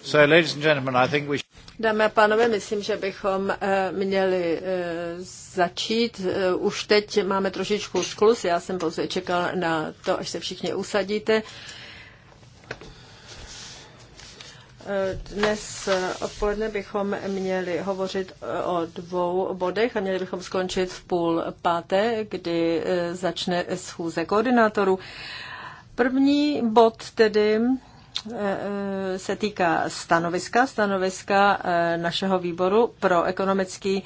So, ladies and gentlemen, I think we... Dámy a pánové, myslím, že bychom eh, měli eh, začít. Eh, už teď máme trošičku sklus, já jsem pouze čekal na to, až se všichni usadíte. Dnes odpoledne bychom měli hovořit o dvou bodech a měli bychom skončit v půl páté, kdy začne schůze koordinátorů. První bod tedy Eh, eh, se týká stanoviska, stanoviska eh, našeho výboru pro ekonomický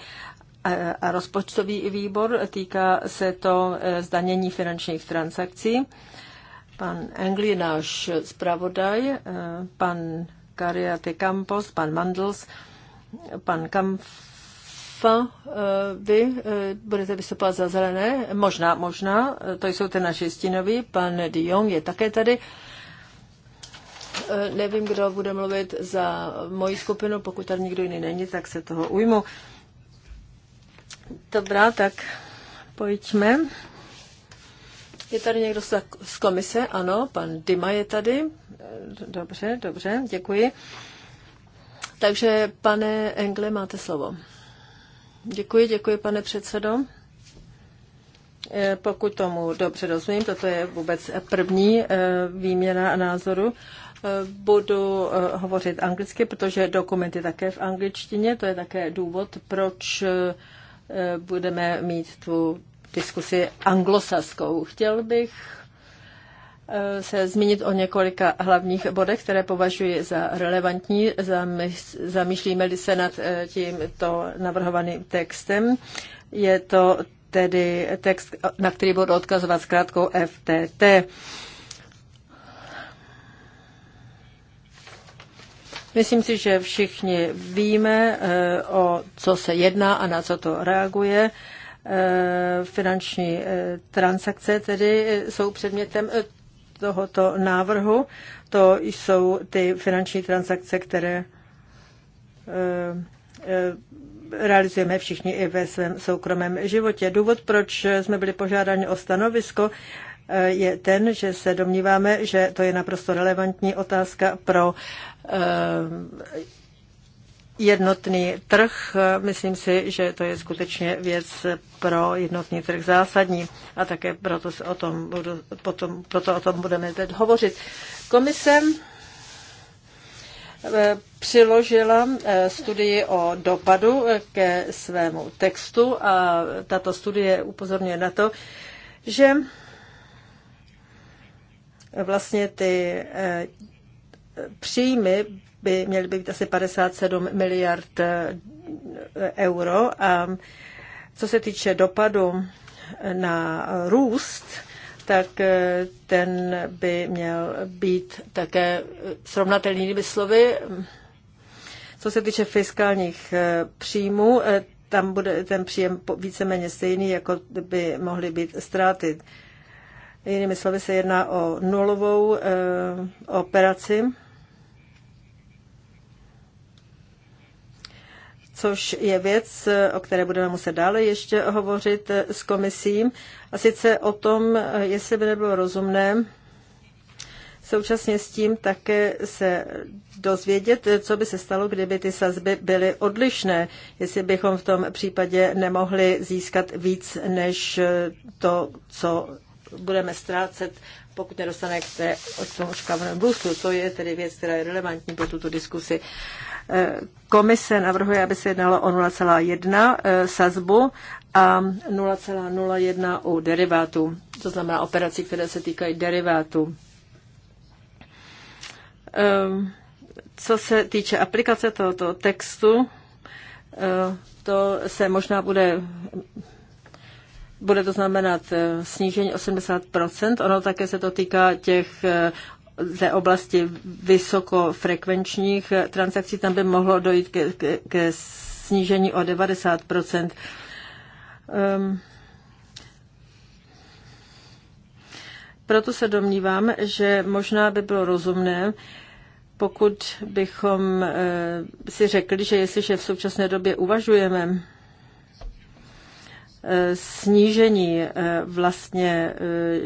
a rozpočtový výbor. Týká se to zdanění finančních transakcí. Pan Engli, náš zpravodaj, pan Cariate Campos, pan Mandels, pan Kamfa, vy budete vystupovat za zelené? Možná, možná. To jsou ty naši stinoví. Pan Dion je také tady. Eh, nevím, kdo bude mluvit za moji skupinu, pokud tam nikdo jiný není, tak se toho ujmu. Dobrá, tak pojďme. Je tady někdo z komise? Ano, pan Dima je tady. Eh, dobře, dobře, děkuji. Takže, pane Engle, máte slovo. Děkuji, děkuji, pane předsedo. Eh, pokud tomu dobře rozumím, toto je vůbec první výměna názoru Budu eh, hovořit anglicky, protože dokument je také v angličtině. To je také důvod, proč eh, budeme mít tu diskusi anglosaskou. Chtěl bych eh, se zmínit o několika hlavních bodech, které považuji za relevantní. Zamýšlíme-li se nad tímto navrhovaným textem. Je to tedy text, na který budu odkazovat zkrátkou FTT. Myslím si, že všichni víme, eh, o co se jedná a na co to reaguje. Eh, finanční eh, transakce tedy jsou předmětem tohoto návrhu. To jsou ty finanční transakce, které realizujeme všichni i ve svém soukromém životě. Důvod, proč jsme byli požádáni o stanovisko, Eh, je ten, že se domníváme, že to je naprosto relevantní otázka pro eh, jednotný trh. Myslím si, že to je skutečně věc pro jednotný trh zásadní a také proto, o tom, budu, potom, proto o tom budeme teď hovořit. Komise eh, přiložila studii o dopadu ke svému textu a tato studie upozorňuje na to, že Vlastně ty eh, příjmy by měly být asi 57 miliard eh, euro a co se týče dopadu eh, na růst, tak ten by měl být také srovnatelný jinými slovy. Co se týče fiskálních příjmů, tam bude ten příjem víceméně stejný, jako by mohly být ztráty. Jinými slovy se jedná o nulovou eh, operaci, což je věc, o které budeme muset dále ještě hovořit eh, s komisí. A sice o tom, eh, jestli by nebylo rozumné současně s tím také se dozvědět, co by se stalo, kdyby ty sazby byly odlišné, jestli bychom v tom případě nemohli získat víc než to, co budeme ztrácet, pokud nedostane k té, od toho To je tedy věc, která je relevantní pro tuto diskusi. Eh, komise navrhuje, aby se jednalo o 0,1 eh, sazbu a 0,01 u derivátů, to znamená operací, které se týkají derivátů. Ehm, co se týče aplikace tohoto textu, eh, to se možná bude bude to znamenat eh, snížení 80%. Ono také se to týká těch ze eh, oblasti vysokofrekvenčních eh, transakcí, tam by mohlo dojít ke, ke, ke snížení o 90 um, ehm, Proto se domnívám, že možná by bylo rozumné, pokud bychom si řekli, že jestliže v současné době uvažujeme snížení eh, vlastně, eh,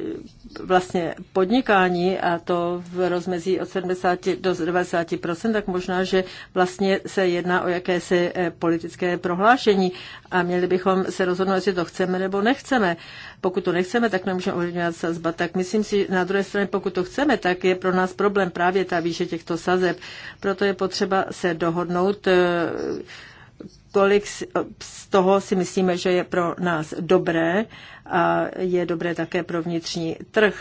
vlastně podnikání a to v rozmezí od 70 do 90 tak možná, že vlastně se jedná o jakési eh, politické prohlášení a měli bychom se rozhodnout, jestli to chceme nebo nechceme. Pokud to nechceme, tak nemůžeme ovlivňovat sazba. Tak myslím si, na druhé straně, pokud to chceme, tak je pro nás problém právě ta výše těchto sazeb. Proto je potřeba se dohodnout, kolik z toho si myslíme, že je pro nás dobré a je dobré také pro vnitřní trh.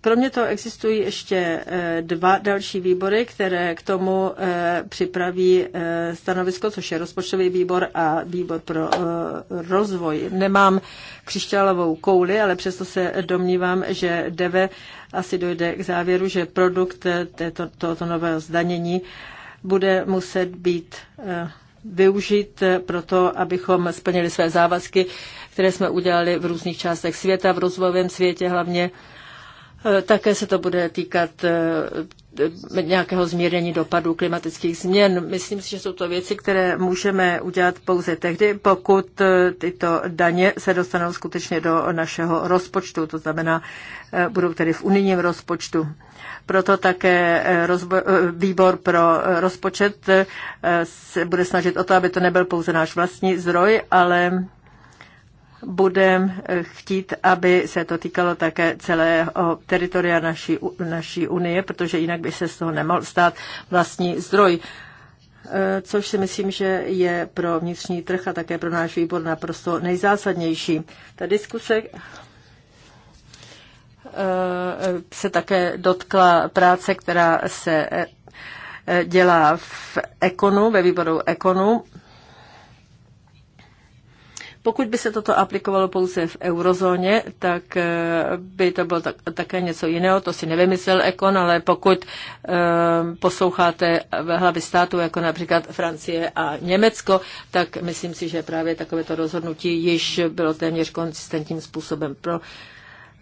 Kromě toho existují ještě eh, dva další výbory, které k tomu eh, připraví eh, stanovisko, což je rozpočtový výbor a výbor pro rozvoj. Nemám křišťálovou kouli, ale přesto se domnívám, že DEVE asi dojde k závěru, že produkt této, tohoto nového zdanění bude muset být využít eh, pro to, abychom splnili své závazky, které jsme udělali v různých částech světa, v rozvojovém světě hlavně Eh, také se to bude týkat eh, nějakého zmírnění dopadů klimatických změn. Myslím si, že jsou to věci, které můžeme udělat pouze tehdy, pokud eh, tyto daně se dostanou skutečně do našeho rozpočtu, to znamená, budou tedy v unijním rozpočtu. Proto také výbor pro rozpočet se bude snažit o to, aby to nebyl pouze náš vlastní zdroj, ale budeme chtít, aby se to týkalo také celého teritoria naší, naší unie, protože jinak by se z toho nemohl stát vlastní zdroj eh, což si myslím, že je pro vnitřní trh a také pro náš výbor naprosto nejzásadnější. Ta diskuse eh, se také dotkla práce, která se eh, dělá v Ekonu, ve výboru Ekonu. Pokud by se toto aplikovalo pouze v eurozóně, tak eh, by to bylo tak, také něco jiného, to si nevymyslel Ekon, ale pokud um, posloucháte hlavy států, jako například Francie a Německo, tak myslím si, že právě takovéto rozhodnutí již bylo téměř konzistentním způsobem pro uh,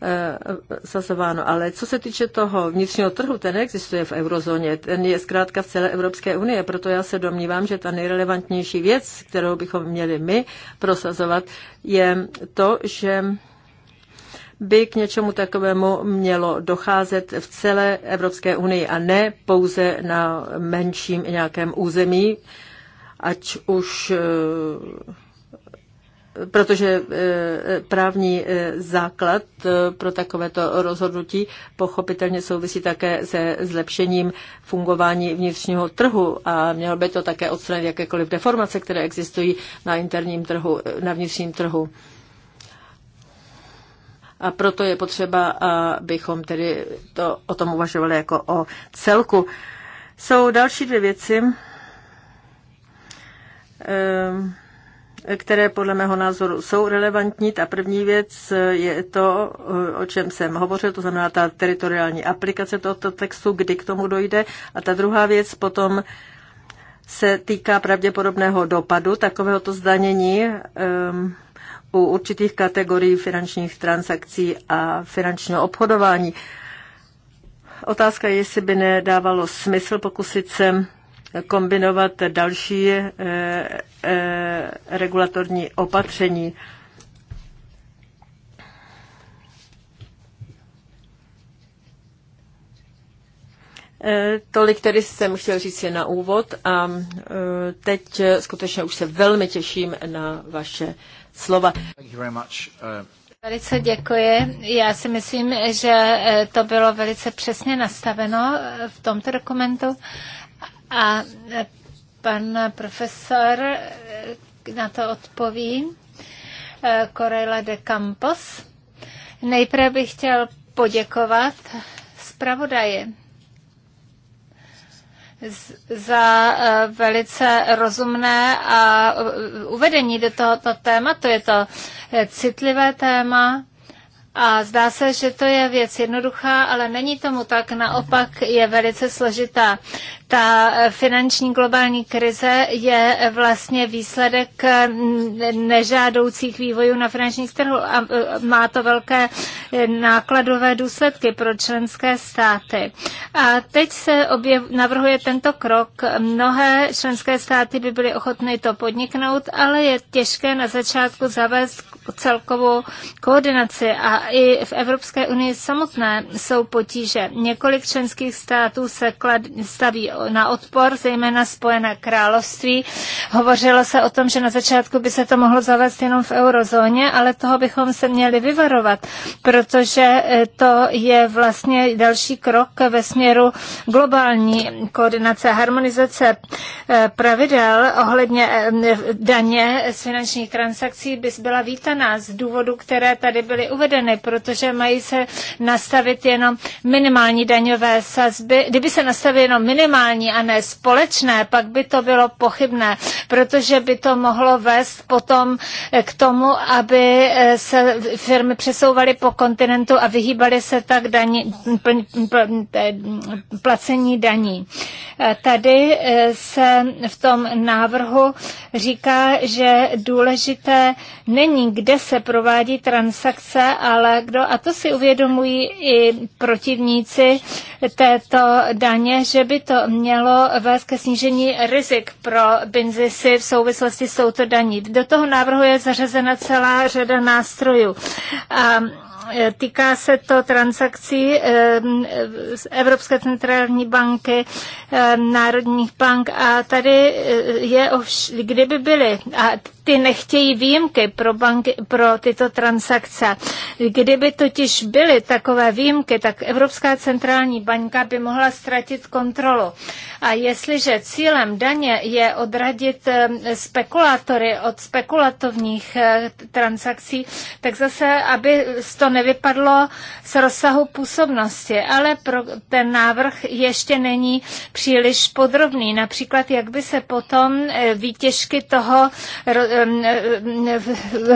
Eh, sazováno. Ale co se týče toho vnitřního trhu, ten neexistuje v eurozóně, ten je zkrátka v celé Evropské unii, proto já se domnívám, že ta nejrelevantnější věc, kterou bychom měli my prosazovat, je to, že by k něčemu takovému mělo docházet v celé Evropské unii a ne pouze na menším nějakém území, ať už eh, protože eh, právní eh, základ eh, pro takovéto rozhodnutí pochopitelně souvisí také se zlepšením fungování vnitřního trhu a mělo by to také odstranit jakékoliv deformace, které existují na interním trhu, na vnitřním trhu. A proto je potřeba, abychom tedy to, o tom uvažovali jako o celku. Jsou další dvě věci. Ehm, které podle mého názoru jsou relevantní. Ta první věc je to, o čem jsem hovořil, to znamená ta teritoriální aplikace tohoto textu, kdy k tomu dojde. A ta druhá věc potom se týká pravděpodobného dopadu takovéhoto zdanění um, u určitých kategorií finančních transakcí a finančního obchodování. Otázka je, jestli by nedávalo smysl pokusit se kombinovat další eh, eh, regulatorní opatření. Eh, tolik tedy jsem chtěl říct je na úvod a teď skutečně už se velmi těším na vaše slova. Velice děkuji. Já si myslím, že to bylo velice přesně nastaveno v tomto dokumentu. A pan profesor na to odpoví. Corella de Campos. Nejprve bych chtěl poděkovat zpravodaji za eh, velice rozumné a eh, uvedení do tohoto tématu. Je to eh, citlivé téma, a zdá se, že to je věc jednoduchá, ale není tomu tak, naopak je velice složitá. Ta finanční globální krize je vlastně výsledek mm, nežádoucích vývojů na finančních trhu a e, má to velké e, nákladové důsledky pro členské státy. A teď se objev, navrhuje tento krok. Mnohé členské státy by byly ochotny to podniknout, ale je těžké na začátku zavést celkovou koordinaci a i v Evropské unii samotné jsou potíže. Několik členských států se klad, staví na odpor, zejména Spojené království. Hovořilo se o tom, že na začátku by se to mohlo zavést jenom v eurozóně, ale toho bychom se měli vyvarovat, protože e, to je vlastně další krok ve směru globální koordinace, harmonizace e, pravidel ohledně e, daně z finančních transakcí by byla vítaná z důvodu, které tady byly uvedeny změny, protože mají se nastavit jenom minimální daňové sazby. Kdyby se nastavily jenom minimální a ne společné, pak by to bylo pochybné, protože by to mohlo vést potom eh, k tomu, aby eh, se firmy přesouvaly po kontinentu a vyhýbaly se tak daní, eh, placení daní. Tady se v tom návrhu říká, že důležité není, kde se provádí transakce, ale ale, kdo, a to si uvědomují i protivníci této daně, že by to mělo vést ke snížení rizik pro benzisy v souvislosti s touto daní. Do toho návrhu je zařazena celá řada nástrojů. A e, Týká se to transakcí e, z Evropské centrální banky, e, národních bank a tady je, kdyby byly, a ty nechtějí výjimky pro, banky, pro tyto transakce. Kdyby totiž byly takové výjimky, tak Evropská centrální banka by mohla ztratit kontrolu. A jestliže cílem daně je odradit spekulátory od spekulativních eh, transakcí, tak zase, aby to nevypadlo z rozsahu působnosti. Ale pro ten návrh ještě není příliš podrobný. Například, jak by se potom eh, výtěžky toho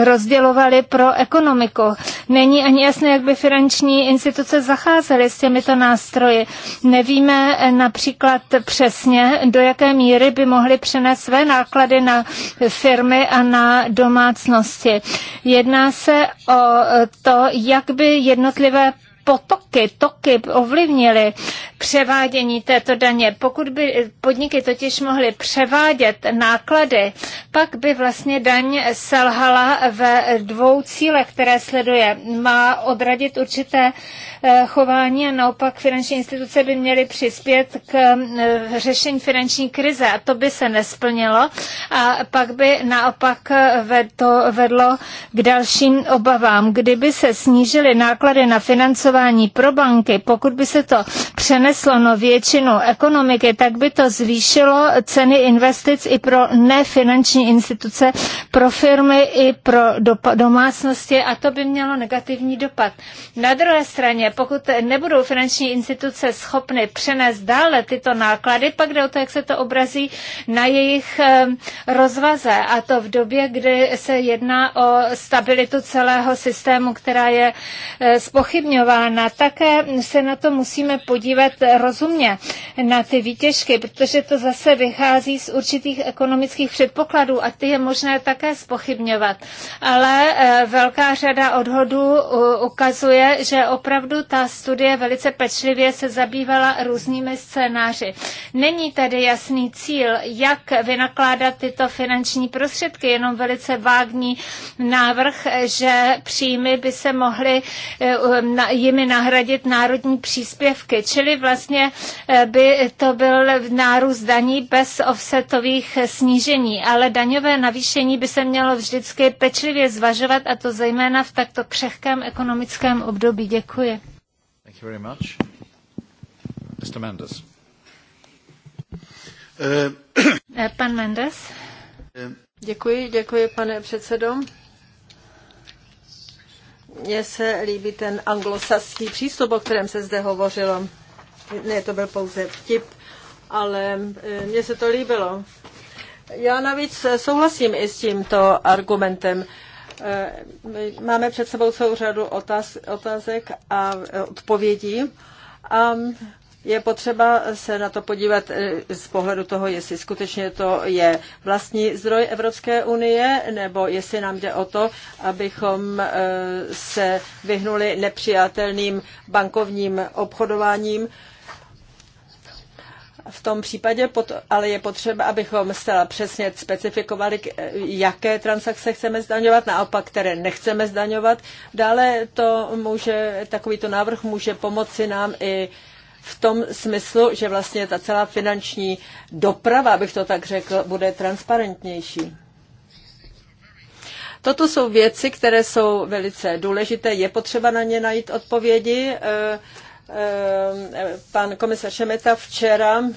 rozdělovali pro ekonomiku. Není ani jasné, jak by finanční instituce zacházely s těmito nástroji. Nevíme eh, například přesně, do jaké míry by mohly přenést své náklady na firmy a na domácnosti. Jedná se o eh, to, jak by jednotlivé potoky, toky ovlivnily převádění této daně. Pokud by podniky totiž mohly převádět náklady, pak by vlastně daň selhala ve dvou cílech, které sleduje. Má odradit určité eh, chování a naopak finanční instituce by měly přispět k eh, řešení finanční krize a to by se nesplnilo a pak by naopak eh, to vedlo k dalším obavám. Kdyby se snížily náklady na financování pro banky, pokud by se to přeneslo řemeslo no, většinu ekonomiky, tak by to zvýšilo ceny investic i pro nefinanční instituce, pro firmy i pro domácnosti a to by mělo negativní dopad. Na druhé straně, pokud nebudou finanční instituce schopny přenést dále tyto náklady, pak jde o to, jak se to obrazí na jejich rozvaze a to v době, kdy se jedná o stabilitu celého systému, která je e, spochybňována. Také se na to musíme podívat rozumně na ty výtěžky, protože to zase vychází z určitých ekonomických předpokladů a ty je možné také spochybňovat. Ale eh, velká řada odhodů ukazuje, že opravdu ta studie velice pečlivě se zabývala různými scénáři. Není tedy jasný cíl, jak vynakládat tyto finanční prostředky, jenom velice vágní návrh, že příjmy by se mohly eh, jimi nahradit národní příspěvky. Čili vlastně eh, by to byl nárůst daní bez offsetových snížení, ale daňové navýšení by se mělo vždycky pečlivě zvažovat a to zejména v takto křehkém ekonomickém období. Děkuji. Thank you very much. Mr. Mendes. Eh, eh, pan Mendes. Děkuji, děkuji, pane předsedo. Mně se líbí ten anglosaský přístup, o kterém se zde hovořilo. Ne, to byl pouze vtip, ale e, mně se to líbilo. Já navíc e, souhlasím i s tímto argumentem. E, máme před sebou celou řadu otáz, otázek a odpovědí a je potřeba se na to podívat z pohledu toho, jestli skutečně to je vlastní zdroj Evropské unie, nebo jestli nám jde o to, abychom se vyhnuli nepřijatelným bankovním obchodováním v tom případě pot, ale je potřeba, abychom zcela přesně specifikovali, jaké transakce chceme zdaňovat, naopak, které nechceme zdaňovat. Dále to může, takovýto návrh může pomoci nám i v tom smyslu, že vlastně ta celá finanční doprava, abych to tak řekl, bude transparentnější. Toto jsou věci, které jsou velice důležité. Je potřeba na ně najít odpovědi. E, Ehm, pan komisař Šemeta včera ehm,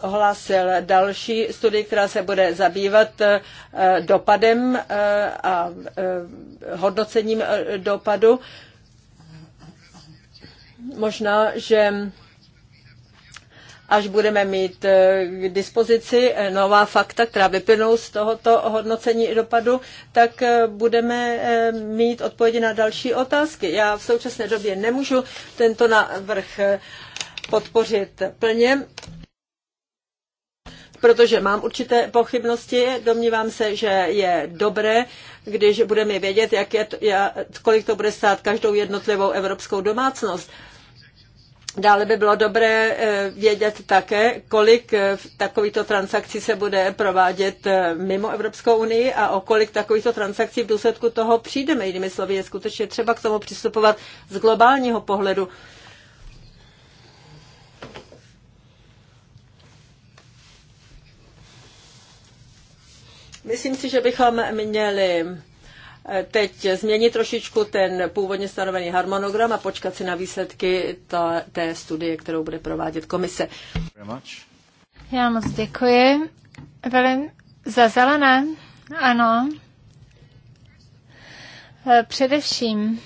ohlásil další studii, která se bude zabývat eh, dopadem eh, a eh, hodnocením dopadu. Možná, že až budeme mít eh, k dispozici eh, nová fakta, která vyplynou z tohoto hodnocení dopadu, tak eh, budeme mít odpovědi na další otázky. Já v současné době nemůžu tento návrh podpořit plně, protože mám určité pochybnosti. Domnívám se, že je dobré, když budeme vědět, jak je to, kolik to bude stát každou jednotlivou evropskou domácnost. Dále by bylo dobré eh, vědět také, kolik eh, takovýchto transakcí se bude provádět eh, mimo Evropskou unii a o kolik takovýchto transakcí v důsledku toho přijdeme. Jinými slovy, je skutečně třeba k tomu přistupovat z globálního pohledu. Myslím si, že bychom měli teď změnit trošičku ten původně stanovený harmonogram a počkat si na výsledky ta, té studie, kterou bude provádět komise. Já moc děkuji. Velmi za zelené, ano. E, především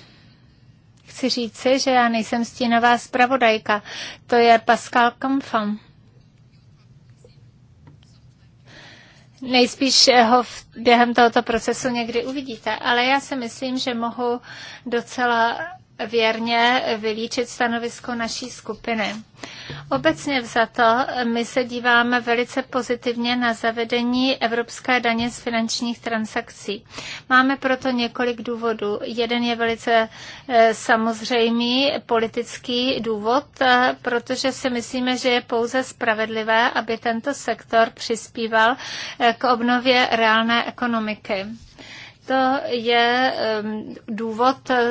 chci říci, že já nejsem stínová zpravodajka. To je Pascal Kamfam. Nejspíš ho v, během tohoto procesu někdy uvidíte, ale já si myslím, že mohu docela věrně vylíčit stanovisko naší skupiny. Obecně vzato, my se díváme velice pozitivně na zavedení evropské daně z finančních transakcí. Máme proto několik důvodů. Jeden je velice e, samozřejmý politický důvod, e, protože si myslíme, že je pouze spravedlivé, aby tento sektor přispíval e, k obnově reálné ekonomiky. To je důvod eh,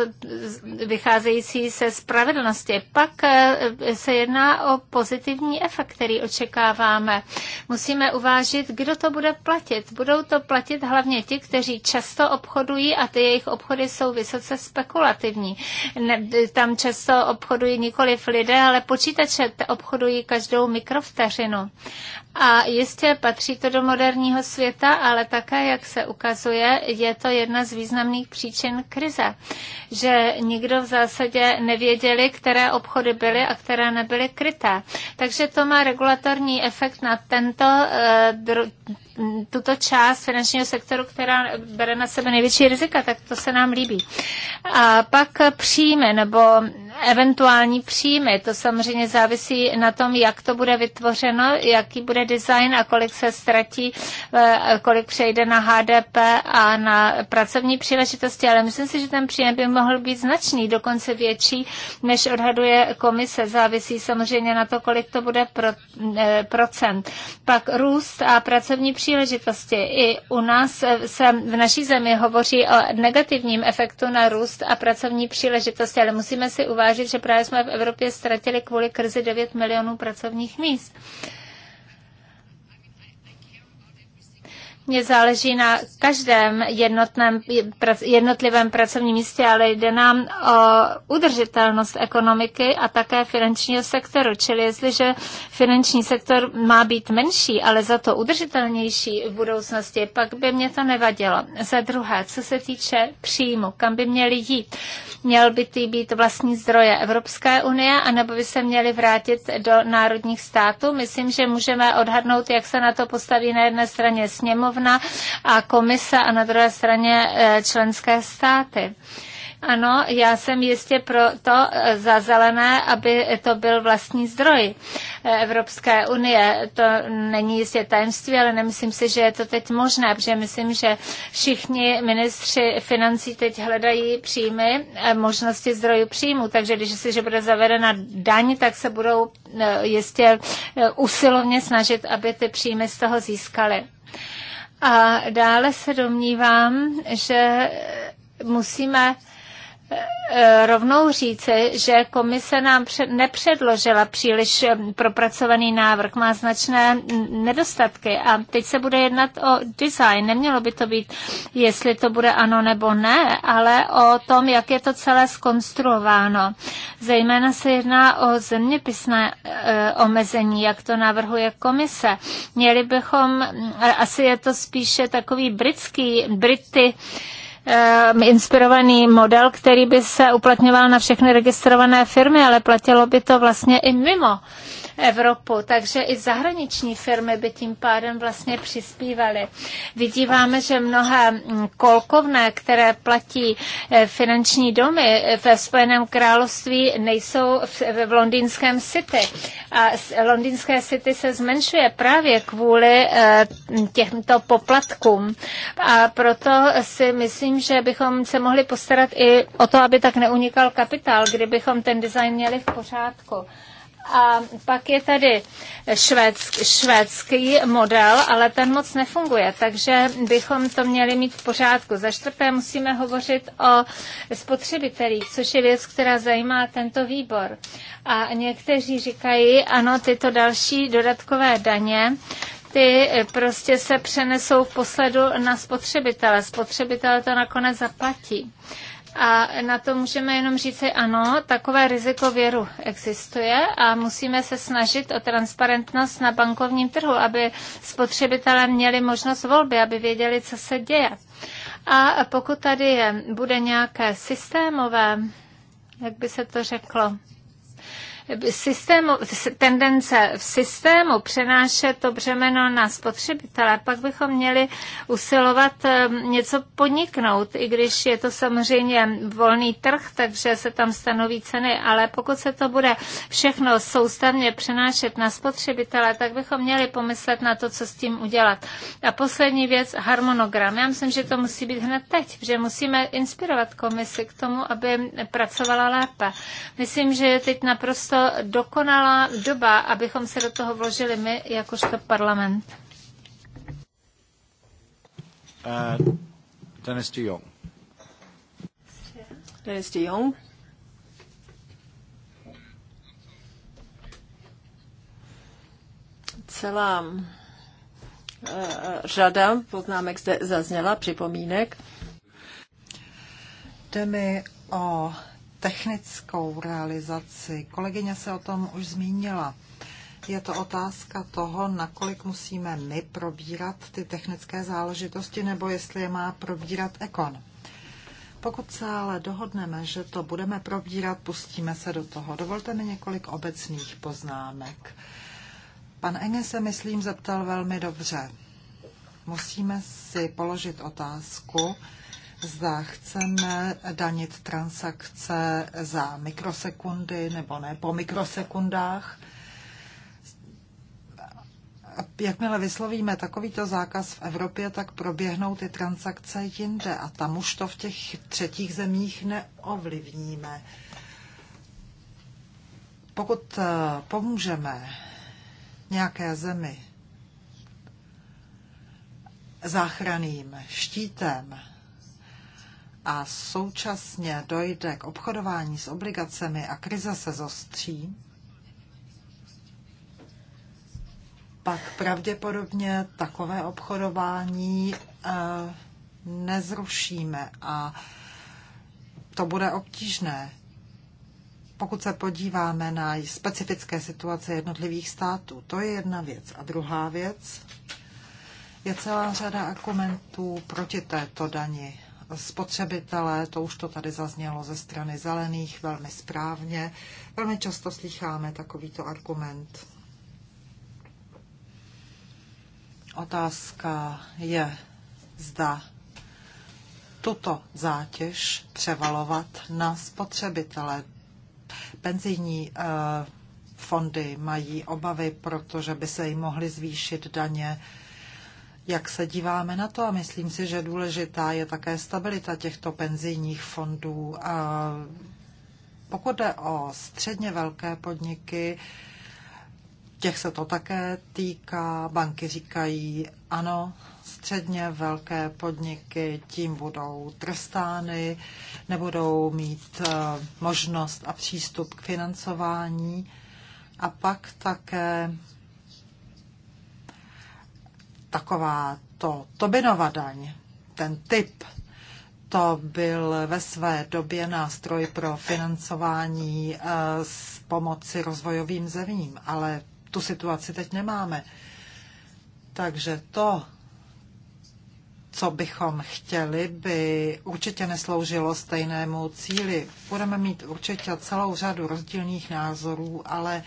vycházející se spravedlnosti. Pak eh, se jedná o pozitivní efekt, který očekáváme. Musíme uvážit, kdo to bude platit. Budou to platit hlavně ti, kteří často obchodují a ty jejich obchody jsou vysoce spekulativní. Ne, tam často obchodují nikoli lidé, ale počítače obchodují každou mikrovteřinu. A jistě patří to do moderního světa, ale také, jak se ukazuje, je to jedna z významných příčin krize, že nikdo v zásadě nevěděli, které obchody byly a které nebyly kryté. Takže to má regulatorní efekt na tento eh, tuto část finančního sektoru, která bere na sebe největší rizika, tak to se nám líbí. A pak příjmy nebo eventuální příjmy. To samozřejmě závisí na tom, jak to bude vytvořeno, jaký bude design a kolik se ztratí, eh, kolik přejde na HDP a na pracovní příležitosti, ale myslím si, že ten příjem by mohl být značný, dokonce větší, než odhaduje komise. Závisí samozřejmě na to, kolik to bude pro, eh, procent. Pak růst a pracovní příležitosti. I u nás eh, se v naší zemi hovoří o negativním efektu na růst a pracovní příležitosti, ale musíme si uvážit, říct, že právě jsme v Evropě ztratili kvůli krizi 9 milionů pracovních míst. Mně záleží na každém jednotném, jednotlivém pracovním místě, ale jde nám o udržitelnost ekonomiky a také finančního sektoru. Čili jestliže finanční sektor má být menší, ale za to udržitelnější v budoucnosti, pak by mě to nevadilo. Za druhé, co se týče příjmu, kam by měli jít? Měl by ty být vlastní zdroje Evropské unie, anebo by se měli vrátit do národních států? Myslím, že můžeme odhadnout, jak se na to postaví na jedné straně sněmu, sněmovna a komise a na druhé straně e, členské státy. Ano, já jsem jistě pro to e, za zelené, aby to byl vlastní zdroj e, Evropské unie. To není jistě tajemství, ale nemyslím si, že je to teď možné, protože myslím, že všichni ministři financí teď hledají příjmy, možnosti zdrojů příjmu, takže když si, že bude zavedena daň, tak se budou jistě usilovně snažit, aby ty příjmy z toho získali. A dále se domnívám, že musíme Eh, rovnou říci, že komise nám nepředložila příliš eh, propracovaný návrh, má značné mm, nedostatky a teď se bude jednat o design. Nemělo by to být, jestli to bude ano nebo ne, ale o tom, jak je to celé skonstruováno. Zejména se jedná o zeměpisné e, omezení, jak to navrhuje komise. Měli bychom, mm, asi je to spíše takový britský, Brity, e, Eh, inspirovaný model, který by se uplatňoval na všechny registrované firmy, ale platilo by to vlastně i mimo Evropu, takže i zahraniční firmy by tím pádem vlastně přispívaly. Vidíváme, že mnohé mm, kolkovné, které platí eh, finanční domy eh, ve Spojeném království, nejsou v londýnském city. A londýnské city se zmenšuje právě kvůli eh, těmto poplatkům. A proto si myslím, že bychom se mohli postarat i o to, aby tak neunikal kapitál, kdybychom ten design měli v pořádku. A pak je tady švédsk, švédský model, ale ten moc nefunguje, takže bychom to měli mít v pořádku. Za čtvrté musíme hovořit o spotřebitelích, což je věc, která zajímá tento výbor. A někteří říkají, ano, tyto další dodatkové daně ty prostě se přenesou v posledu na spotřebitele. Spotřebitele to nakonec zaplatí. Uh, a na to můžeme jenom říci ano, takové riziko věru existuje a musíme se snažit o transparentnost na bankovním trhu, aby spotřebitelé měli možnost volby, aby věděli, co se děje. A pokud tady je, bude nějaké systémové, jak by se to řeklo, systému, tendence v systému přenášet to břemeno na spotřebitele, pak bychom měli usilovat eh, něco podniknout, i když je to samozřejmě volný trh, takže se tam stanoví ceny, ale pokud se to bude všechno soustavně přenášet na spotřebitele, tak bychom měli pomyslet na to, co s tím udělat. A poslední věc, harmonogram. Já myslím, že to musí být hned teď, že musíme inspirovat komisi k tomu, aby pracovala lépe. Myslím, že je teď naprosto naprosto dokonalá doba, abychom se do toho vložili my, jakožto parlament. Uh, Dennis de Jong. Dennis de Jong. Celá uh, řada poznámek zde zazněla, připomínek. Jde mi o technickou realizaci. Kolegyně se o tom už zmínila. Je to otázka toho, nakolik musíme my probírat ty technické záležitosti, nebo jestli je má probírat ekon. Pokud se ale dohodneme, že to budeme probírat, pustíme se do toho. Dovolte mi několik obecných poznámek. Pan Enge se, myslím, zeptal velmi dobře. Musíme si položit otázku, zda chceme danit transakce za mikrosekundy nebo ne po mikrosekundách. Jakmile vyslovíme takovýto zákaz v Evropě, tak proběhnou ty transakce jinde a tam už to v těch třetích zemích neovlivníme. Pokud eh, pomůžeme nějaké zemi záchranným štítem, a současně dojde k obchodování s obligacemi a krize se zostří, pak pravděpodobně takové obchodování eh, nezrušíme a to bude obtížné. Pokud se podíváme na specifické situace jednotlivých států, to je jedna věc. A druhá věc je celá řada argumentů proti této dani spotřebitele, to už to tady zaznělo ze strany zelených velmi správně. Velmi často slycháme takovýto argument. Otázka je, zda tuto zátěž převalovat na spotřebitele. Penzijní eh, fondy mají obavy, protože by se jim mohly zvýšit daně jak se díváme na to a myslím si, že důležitá je také stabilita těchto penzijních fondů. A pokud jde o středně velké podniky, těch se to také týká. Banky říkají, ano, středně velké podniky tím budou trestány, nebudou mít e, možnost a přístup k financování. A pak také taková to Tobinova daň, ten typ, to byl ve své době nástroj pro financování eh, s pomoci rozvojovým zemím, ale tu situaci teď nemáme. Takže to, co bychom chtěli, by určitě nesloužilo stejnému cíli. Budeme mít určitě celou řadu rozdílných názorů, ale uh,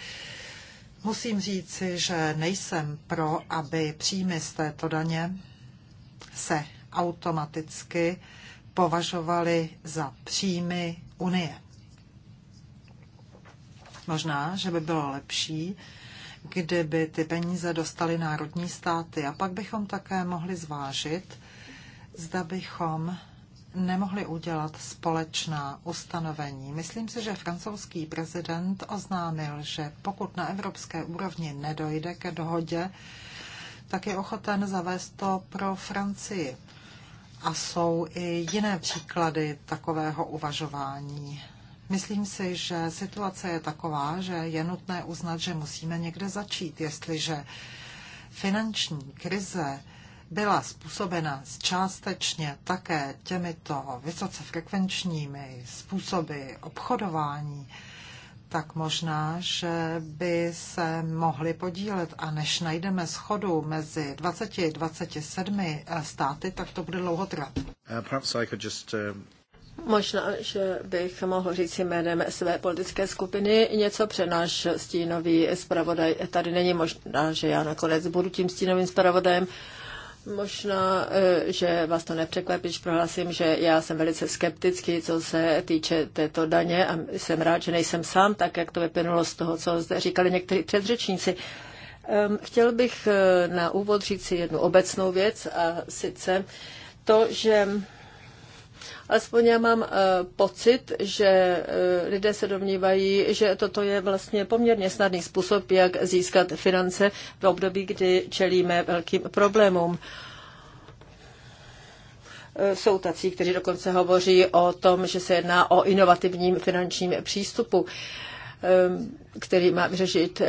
Musím říci, že nejsem pro, aby příjmy z této daně se automaticky považovaly za příjmy Unie. Možná, že by bylo lepší, kdyby ty peníze dostaly národní státy. A pak bychom také mohli zvážit, zda bychom nemohli udělat společná ustanovení. Myslím si, že francouzský prezident oznámil, že pokud na evropské úrovni nedojde ke dohodě, tak je ochoten zavést to pro Francii. A jsou i jiné příklady takového uvažování. Myslím si, že situace je taková, že je nutné uznat, že musíme někde začít. Jestliže finanční krize byla způsobena částečně také těmito vysoce frekvenčními způsoby obchodování, tak možná, že by se mohli podílet. A než najdeme schodu mezi 20 a 27 státy, tak to bude dlouho trvat. Uh, uh, možná, že bych mohl říct jménem své politické skupiny něco pře náš stínový zpravodaj. Tady není možná, že já nakonec budu tím stínovým zpravodajem. Možná, e, že vás to nepřekvapí, když prohlásím, že já jsem velice skeptický, co se týče této daně a jsem rád, že nejsem sám, tak jak to vyplynulo z toho, co zde říkali někteří předřečníci. Chtěl bych e, na úvod říct si jednu obecnou věc a sice to, že Aspoň já mám eh, pocit, že eh, lidé se domnívají, že toto je vlastně poměrně snadný způsob, jak získat finance v období, kdy čelíme velkým problémům. Eh, jsou tací, kteří dokonce hovoří o tom, že se jedná o inovativním finančním přístupu, který má vyřešit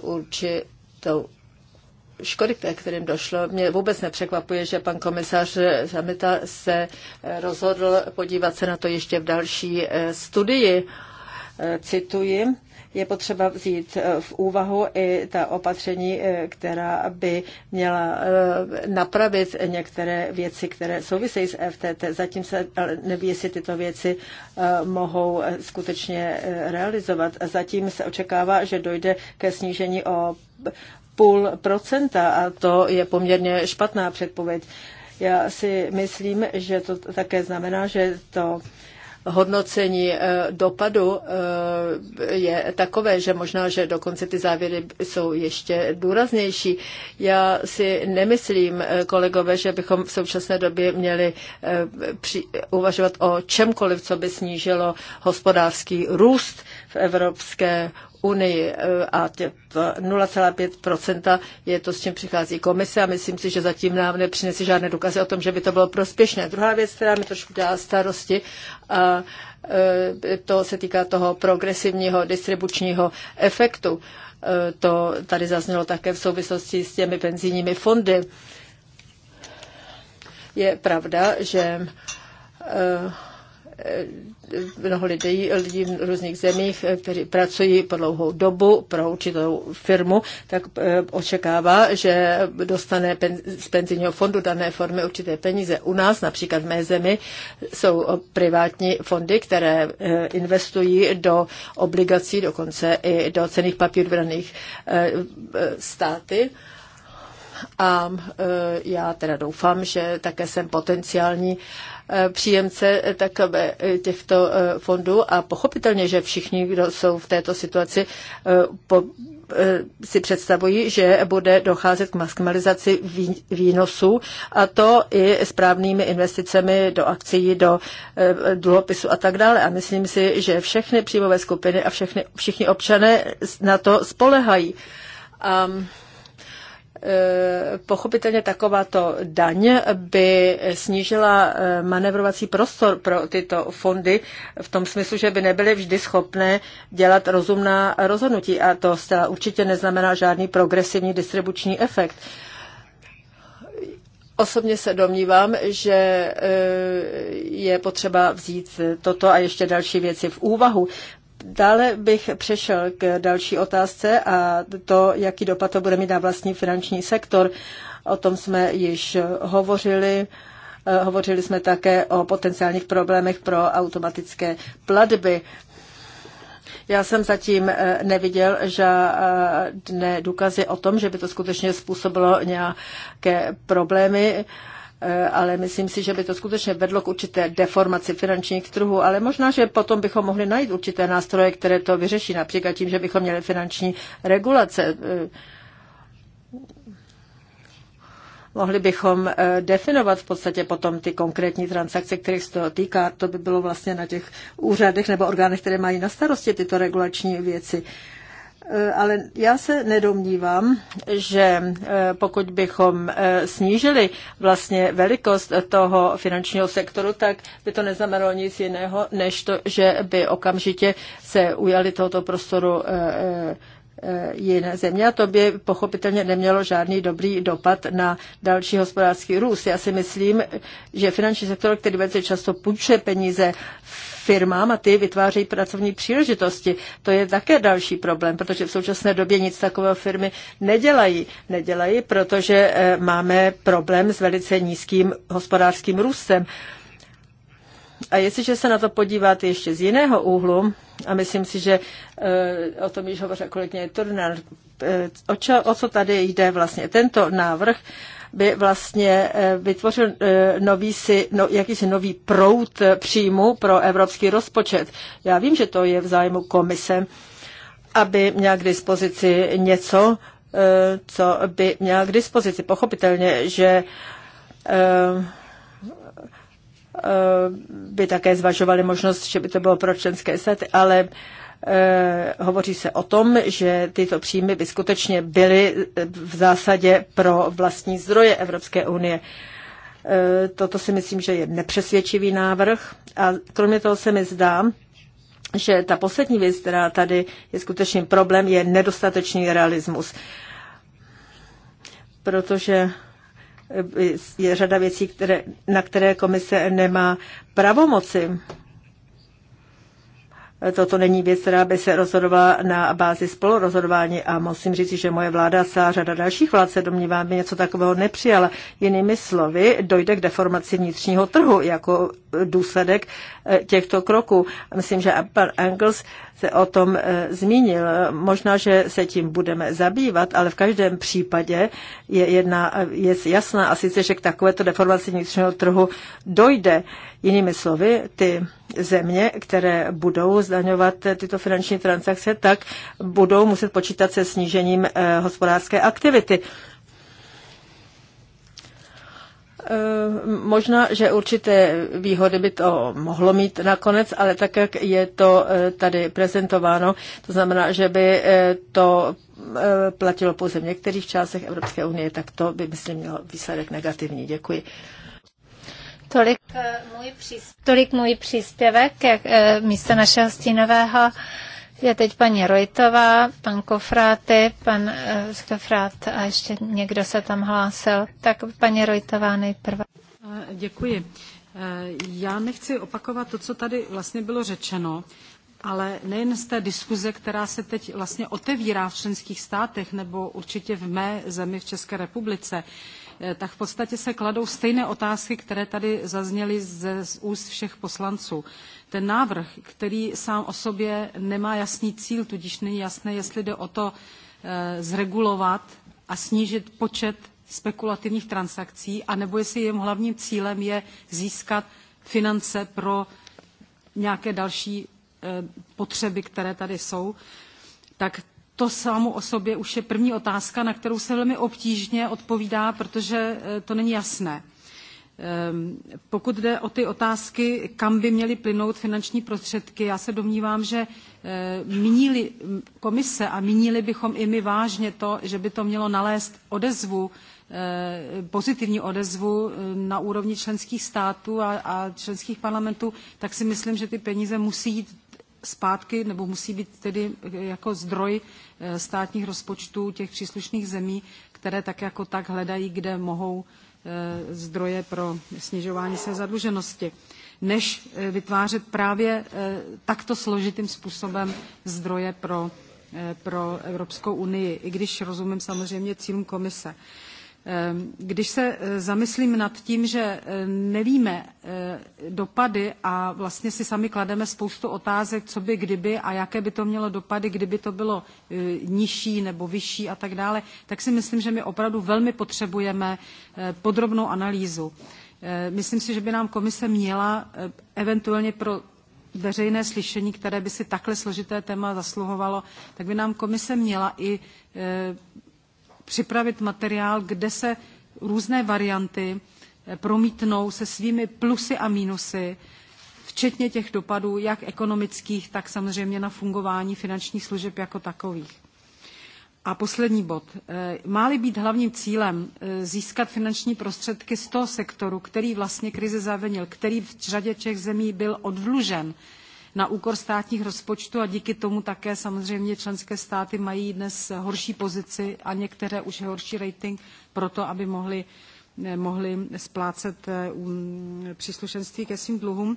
určitou škody, kterým došlo. Mě vůbec nepřekvapuje, že pan komisař Zameta se rozhodl podívat se na to ještě v další eh, studii. Eh, cituji je potřeba vzít eh, v úvahu i ta opatření, která by měla napravit některé věci, které souvisejí s FTT. Zatím se ale neví, jestli tyto věci mohou skutečně realizovat. Zatím se očekává, že dojde ke snížení o Půl procenta, a to je poměrně špatná předpověď. Já si myslím, že to také znamená, že to hodnocení eh, dopadu eh, je takové, že možná, že dokonce ty závěry jsou ještě důraznější. Já si nemyslím, eh, kolegové, že bychom v současné době měli uvažovat o čemkoliv, co by snížilo hospodářský růst v Evropské unii eh, a 0,5% je to, s čím přichází komise a myslím si, že zatím nám nepřinesí žádné důkazy o tom, že by to bylo prospěšné. Druhá věc, která mi trošku dělá starosti, a eh, to se týká toho progresivního distribučního efektu. Eh, to tady zaznělo také v souvislosti s těmi penzijními fondy. Je pravda, že Eh, mnoho lidí, lidí v různých zemích, eh, kteří pracují po dlouhou dobu pro určitou firmu, tak eh, očekává, že dostane z penzijního fondu dané formy určité peníze. U nás, například v mé zemi, jsou privátní fondy, které investují do obligací, dokonce i do cených papírů daných státy a já teda doufám, že také jsem potenciální Eh, příjemce eh, tak eh, těchto fondů a pochopitelně, že všichni, kdo jsou v této situaci, po, si představují, že bude docházet k maximalizaci výnosů a to i správnými investicemi do akcí, do dluhopisu a tak dále. A myslím si, že všechny příjmové skupiny a všechny, všichni občané na to spolehají. Um, Eh, pochopitelně takováto daň by snížila eh, manevrovací prostor pro tyto fondy v tom smyslu, že by nebyly vždy schopné dělat rozumná rozhodnutí a to zcela určitě neznamená žádný progresivní distribuční efekt. Osobně se domnívám, že eh, je potřeba vzít toto a ještě další věci v úvahu. Dále bych přešel k další otázce a to, jaký dopad to bude mít na vlastní finanční sektor. O tom jsme již hovořili. Eh, hovořili jsme také o potenciálních problémech pro automatické platby. Já jsem zatím eh, neviděl žádné důkazy o tom, že by to skutečně způsobilo nějaké problémy. Eh, ale myslím si, že by to skutečně vedlo k určité deformaci finančních trhů, ale možná, že potom bychom mohli najít určité nástroje, které to vyřeší, například tím, že bychom měli finanční regulace. Eh, mohli bychom eh, definovat v podstatě potom ty konkrétní transakce, kterých se to týká. To by bylo vlastně na těch úřadech nebo orgánech, které mají na starosti tyto regulační věci. Uh, Eh, ale já se nedomnívám, že eh, pokud bychom eh, snížili vlastně velikost toho finančního sektoru, tak by to neznamenalo nic jiného, než to, že by okamžitě se ujali tohoto prostoru jiné země a to by pochopitelně nemělo žádný dobrý dopad na další hospodářský růst. Já si myslím, že finanční sektor, který velice často půjčuje peníze v firmám a ty vytvářejí pracovní příležitosti. To je také další problém, protože v současné době nic takového firmy nedělají. Nedělají, protože eh, máme problém s velice nízkým hospodářským růstem. A jestliže se na to podíváte ještě z jiného úhlu, a myslím si, že eh, o tom již hovořil kolegyně Turner, eh, o co tady jde vlastně tento návrh, by vlastně eh, vytvořil eh, nový si, no, jakýsi nový prout eh, příjmu pro evropský rozpočet. Já vím, že to je v zájmu komise, aby měla k dispozici něco, co by měla k dispozici. Pochopitelně, že by také zvažovali možnost, že by to bylo pro členské státy, ale Eh, hovoří se o tom, že tyto příjmy by skutečně byly eh, v zásadě pro vlastní zdroje Evropské unie. Eh, toto si myslím, že je nepřesvědčivý návrh a kromě toho se mi zdá, že ta poslední věc, která tady je skutečným problém, je nedostatečný realismus. Protože je řada věcí, které, na které komise nemá pravomoci. Toto není věc, která by se rozhodovala na bázi spolurozhodování a musím říct, že moje vláda a řada dalších vlád se domnívá, by něco takového nepřijala. Jinými slovy, dojde k deformaci vnitřního trhu, jako důsledek eh, těchto kroků. Myslím, že pan Engels se o tom eh, zmínil. Možná, že se tím budeme zabývat, ale v každém případě je jedna eh, je jasná a sice, že k takovéto deformaci vnitřního trhu dojde. Jinými slovy, ty země, které budou zdaňovat tyto finanční transakce, tak budou muset počítat se snížením hospodářské aktivity. Eh, možná, že určité výhody by to mohlo mít nakonec, ale tak, jak je to eh, tady prezentováno, to znamená, že by eh, to platilo pouze v některých částech Evropské unie, tak to by, myslím, mělo výsledek negativní. Děkuji. Tolik můj, příspěvek, jak, místo našeho stínového je teď paní Rojtová, pan Kofráty, pan eh, Kofrát a ještě někdo se tam hlásil. Tak paní Rojtová nejprve. Děkuji. Eh, já nechci opakovat to, co tady vlastně bylo řečeno, ale nejen z té diskuze, která se teď vlastně otevírá v členských státech nebo určitě v mé zemi v České republice, eh, tak v podstatě se kladou stejné otázky, které tady zazněly ze z úst všech poslanců ten návrh, který sám o sobě nemá jasný cíl, tudíž není jasné, jestli jde o to eh, zregulovat a snížit počet spekulativních transakcí, anebo jestli jejím hlavním cílem je získat finance pro nějaké další eh, potřeby, které tady jsou, tak to samo o sobě už je první otázka, na kterou se velmi obtížně odpovídá, protože eh, to není jasné. Ehm, pokud jde o ty otázky, kam by měly plynout finanční prostředky, já se domnívám, že ehm, mínili komise a mínili bychom i my vážně to, že by to mělo nalézt odezvu, ehm, pozitivní odezvu na úrovni členských států a, a členských parlamentů, tak si myslím, že ty peníze musí jít zpátky nebo musí být tedy eh, jako zdroj eh, státních rozpočtů těch příslušných zemí, které tak jako tak hledají, kde mohou Eh, zdroje pro snižování se zadluženosti, než eh, vytvářet právě eh, takto složitým způsobem zdroje pro, pro Evropskou unii, i když rozumím samozřejmě cílům komise. Ehm, když se eh, zamyslím nad tím, že eh, nevíme eh, dopady a vlastně si sami klademe spoustu otázek, co by kdyby a jaké by to mělo dopady, kdyby to bylo nižší nebo vyšší a tak dále, tak si myslím, že my opravdu velmi potřebujeme podrobnou analýzu. Myslím si, že by nám komise měla eventuálně pro veřejné slyšení, které by si takhle složité téma zasluhovalo, tak by nám komise měla i připravit materiál, kde se různé varianty eh, promítnou se svými plusy a mínusy, včetně těch dopadů, jak ekonomických, tak samozřejmě na fungování finančních služeb jako takových. A poslední bod. Eh, má-li být hlavním cílem eh, získat finanční prostředky z toho sektoru, který vlastně krizi zavinil, který v řadě těch zemí byl odvlužen na úkor státních rozpočtů a díky tomu také samozřejmě členské státy mají dnes horší pozici a některé už horší rating pro to, aby mohly eh, mohli splácet eh, um, příslušenství ke svým dluhům,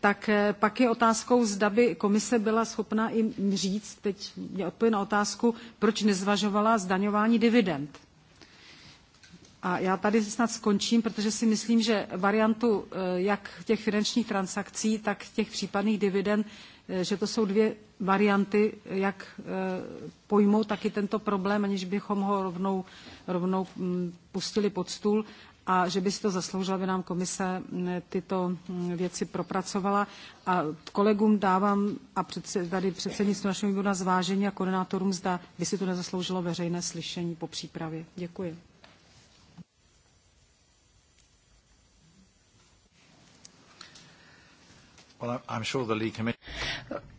tak eh, pak je otázkou, zda by komise byla schopna jim říct, teď je odpověď na otázku, proč nezvažovala zdaňování dividend a já tady snad skončím, protože si myslím, že variantu eh, jak těch finančních transakcí, tak těch případných dividend, eh, že to jsou dvě varianty, jak eh, pojmout taky tento problém, aniž bychom ho rovnou, rovnou mm, pustili pod stůl a že by si to zasloužila, aby nám komise mm, tyto mm, věci propracovala. A kolegům dávám a předse, tady předsednictvu našeho výboru na zvážení a koordinátorům zda by si to nezasloužilo veřejné slyšení po přípravě. Děkuji.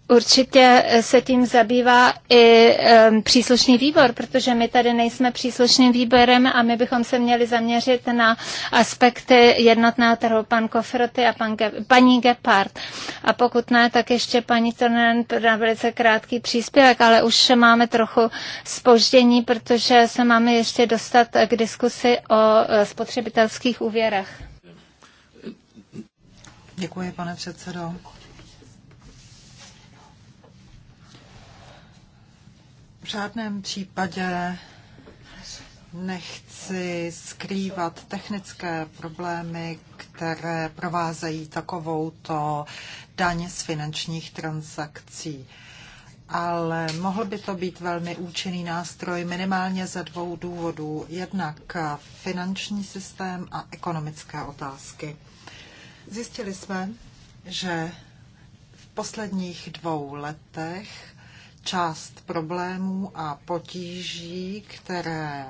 Určitě se tím zabývá i um, příslušný výbor, protože my tady nejsme příslušným výborem a my bychom se měli zaměřit na aspekty jednotného trhu, pan Kofroty a pan Ge- paní Gepard. A pokud ne, tak ještě paní Tonen na velice krátký příspěvek, ale už máme trochu spoždění, protože se máme ještě dostat k diskusi o e, spotřebitelských úvěrech. Děkuji, pane předsedo. V žádném případě nechci skrývat technické problémy, které provázejí takovouto daň z finančních transakcí. Ale mohl by to být velmi účinný nástroj minimálně ze dvou důvodů. Jednak finanční systém a ekonomické otázky. Zjistili jsme, že v posledních dvou letech část problémů a potíží, které,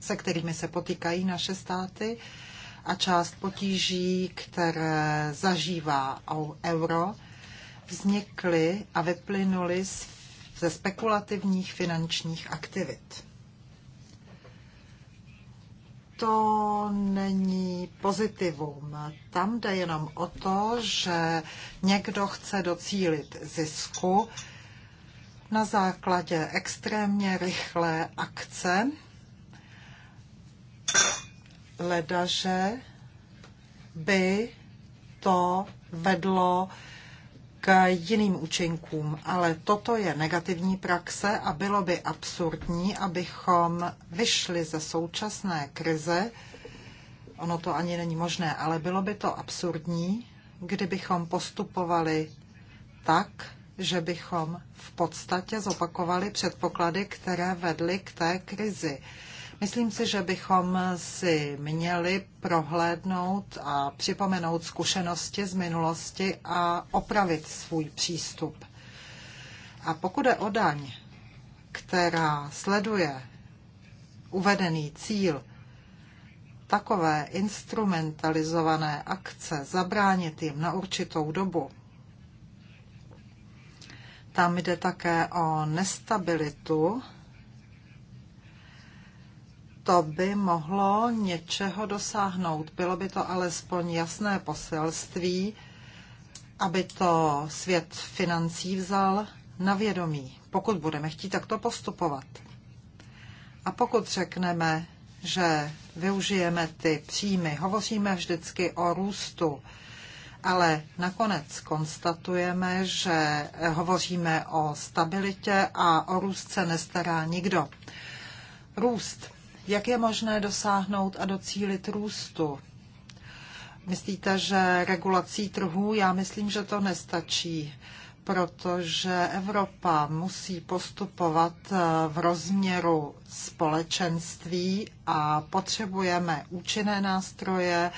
se kterými se potýkají naše státy, a část potíží, které zažívá euro, vznikly a vyplynuly ze spekulativních finančních aktivit to není pozitivum. Tam jde jenom o to, že někdo chce docílit zisku na základě extrémně rychlé akce, ledaže by to vedlo jiným účinkům, ale toto je negativní praxe a bylo by absurdní, abychom vyšli ze současné krize, ono to ani není možné, ale bylo by to absurdní, kdybychom postupovali tak, že bychom v podstatě zopakovali předpoklady, které vedly k té krizi. Myslím si, že bychom si měli prohlédnout a připomenout zkušenosti z minulosti a opravit svůj přístup. A pokud je o daň, která sleduje uvedený cíl, takové instrumentalizované akce zabránit jim na určitou dobu, tam jde také o nestabilitu to by mohlo něčeho dosáhnout. Bylo by to alespoň jasné poselství, aby to svět financí vzal na vědomí, pokud budeme chtít takto postupovat. A pokud řekneme, že využijeme ty příjmy, hovoříme vždycky o růstu, ale nakonec konstatujeme, že hovoříme o stabilitě a o růst se nestará nikdo. Růst jak je možné dosáhnout a docílit růstu? Myslíte, že regulací trhů? Já myslím, že to nestačí, protože Evropa musí postupovat eh, v rozměru společenství a potřebujeme účinné nástroje,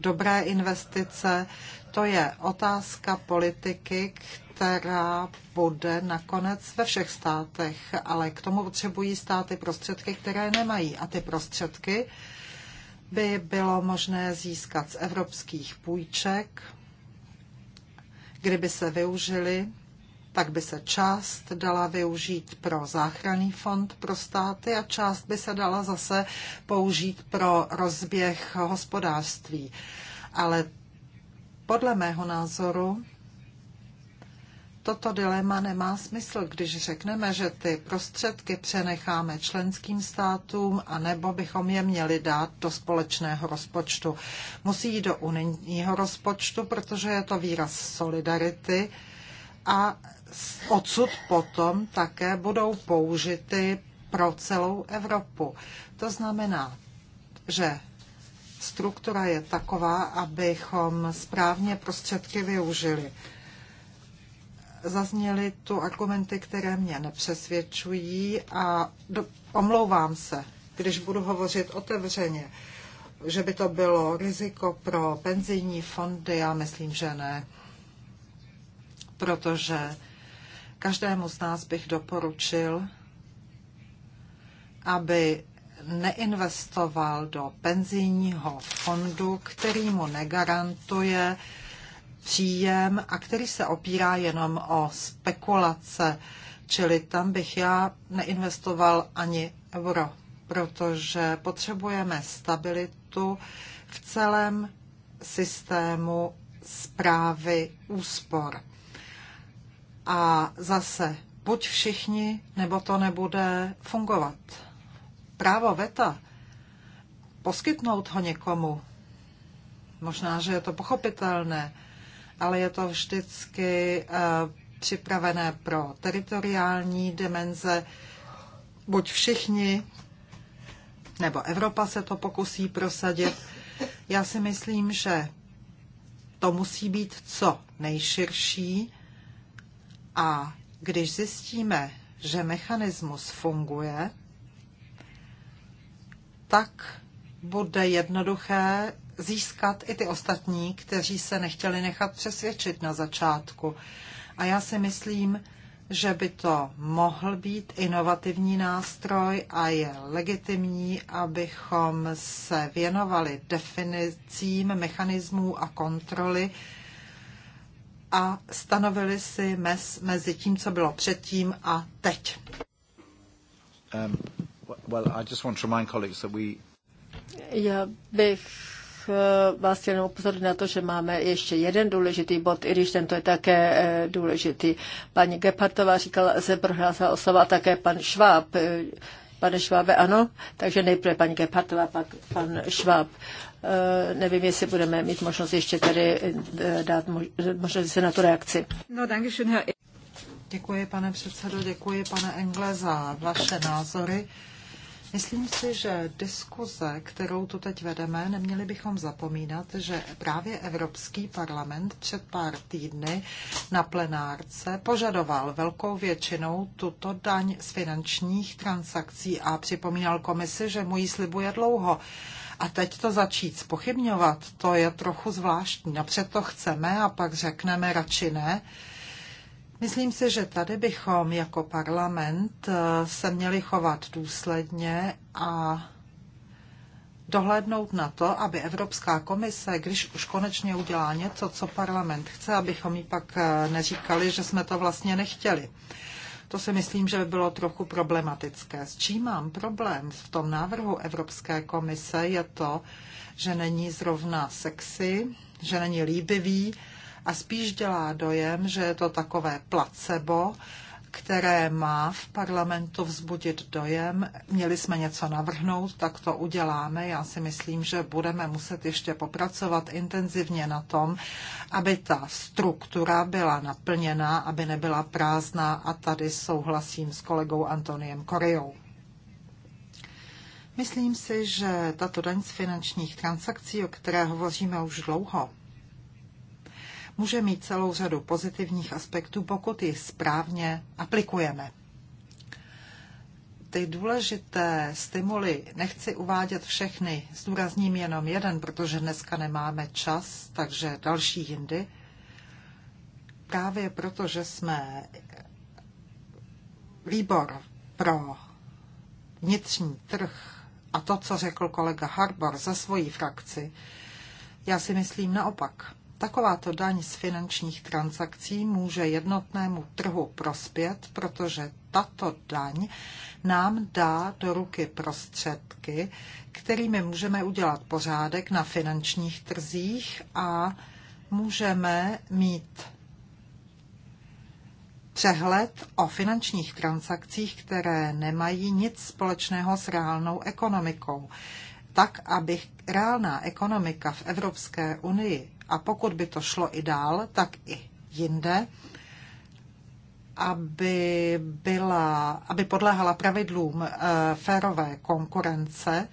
dobré investice. To je otázka politiky, která bude nakonec ve všech státech, ale k tomu potřebují státy prostředky, které nemají. A ty prostředky by bylo možné získat z evropských půjček, kdyby se využili, tak by se část dala využít pro záchranný fond pro státy a část by se dala zase použít pro rozběh hospodářství. Ale podle mého názoru toto dilema nemá smysl, když řekneme, že ty prostředky přenecháme členským státům, a nebo bychom je měli dát do společného rozpočtu. Musí jít do unijního rozpočtu, protože je to výraz solidarity a odsud potom také budou použity pro celou Evropu. To znamená, že struktura je taková, abychom správně prostředky využili zazněly tu argumenty, které mě nepřesvědčují a do, omlouvám se, když budu hovořit otevřeně, že by to bylo riziko pro penzijní fondy, já myslím, že ne, protože každému z nás bych doporučil, aby neinvestoval do penzijního fondu, který mu negarantuje příjem a který se opírá jenom o spekulace. Čili tam bych já neinvestoval ani euro, protože potřebujeme stabilitu v celém systému zprávy úspor. A zase buď všichni, nebo to nebude fungovat. Právo veta, poskytnout ho někomu, možná, že je to pochopitelné, ale je to vždycky eh, připravené pro teritoriální dimenze. Buď všichni, nebo Evropa se to pokusí prosadit. Já si myslím, že to musí být co nejširší a když zjistíme, že mechanismus funguje, tak bude jednoduché získat i ty ostatní, kteří se nechtěli nechat přesvědčit na začátku. A já si myslím, že by to mohl být inovativní nástroj a je legitimní, abychom se věnovali definicím, mechanismů a kontroly a stanovili si mes mezi tím, co bylo předtím a teď. Um, well, I just want to remind colleagues that we... Já bych Eh, vás chtěl upozornit na to, že máme ještě jeden důležitý bod, i když tento je také eh, důležitý. Paní Gepartová říkala, se prohlásila osoba také pan Šváb. Eh, pane Švábe, ano? Takže nejprve paní Gepartová, pak pan Šváb. Nevím, jestli budeme mít možnost ještě tady dát možnost se na tu reakci. No, Děkuji, pane předsedo, děkuji, pane Engle, za vaše názory. Myslím si, že diskuze, kterou tu teď vedeme, neměli bychom zapomínat, že právě Evropský parlament před pár týdny na plenárce požadoval velkou většinou tuto daň z finančních transakcí a připomínal komisi, že mu ji slibuje dlouho. A teď to začít spochybňovat, to je trochu zvláštní. Napřed to chceme a pak řekneme radši ne. Myslím si, že tady bychom jako parlament eh, se měli chovat důsledně a dohlédnout na to, aby Evropská komise, když už konečně udělá něco, co parlament chce, abychom jí pak eh, neříkali, že jsme to vlastně nechtěli. To si myslím, že by bylo trochu problematické. S čím mám problém v tom návrhu Evropské komise je to, že není zrovna sexy, že není líbivý, a spíš dělá dojem, že je to takové placebo, které má v parlamentu vzbudit dojem, měli jsme něco navrhnout, tak to uděláme. Já si myslím, že budeme muset ještě popracovat intenzivně na tom, aby ta struktura byla naplněná, aby nebyla prázdná a tady souhlasím s kolegou Antoniem Koriou. Myslím si, že tato daň z finančních transakcí, o které hovoříme už dlouho, může mít celou řadu pozitivních aspektů, pokud ji správně aplikujeme. Ty důležité stimuly nechci uvádět všechny, zdůrazním jenom jeden, protože dneska nemáme čas, takže další jindy. Právě proto, že jsme výbor pro vnitřní trh a to, co řekl kolega Harbor za svoji frakci, já si myslím naopak. Takováto daň z finančních transakcí může jednotnému trhu prospět, protože tato daň nám dá do ruky prostředky, kterými můžeme udělat pořádek na finančních trzích a můžeme mít přehled o finančních transakcích, které nemají nic společného s reálnou ekonomikou. Tak, aby reálná ekonomika v Evropské unii a pokud by to šlo i dál, tak i jinde, aby, byla, aby podléhala pravidlům eh, férové konkurence.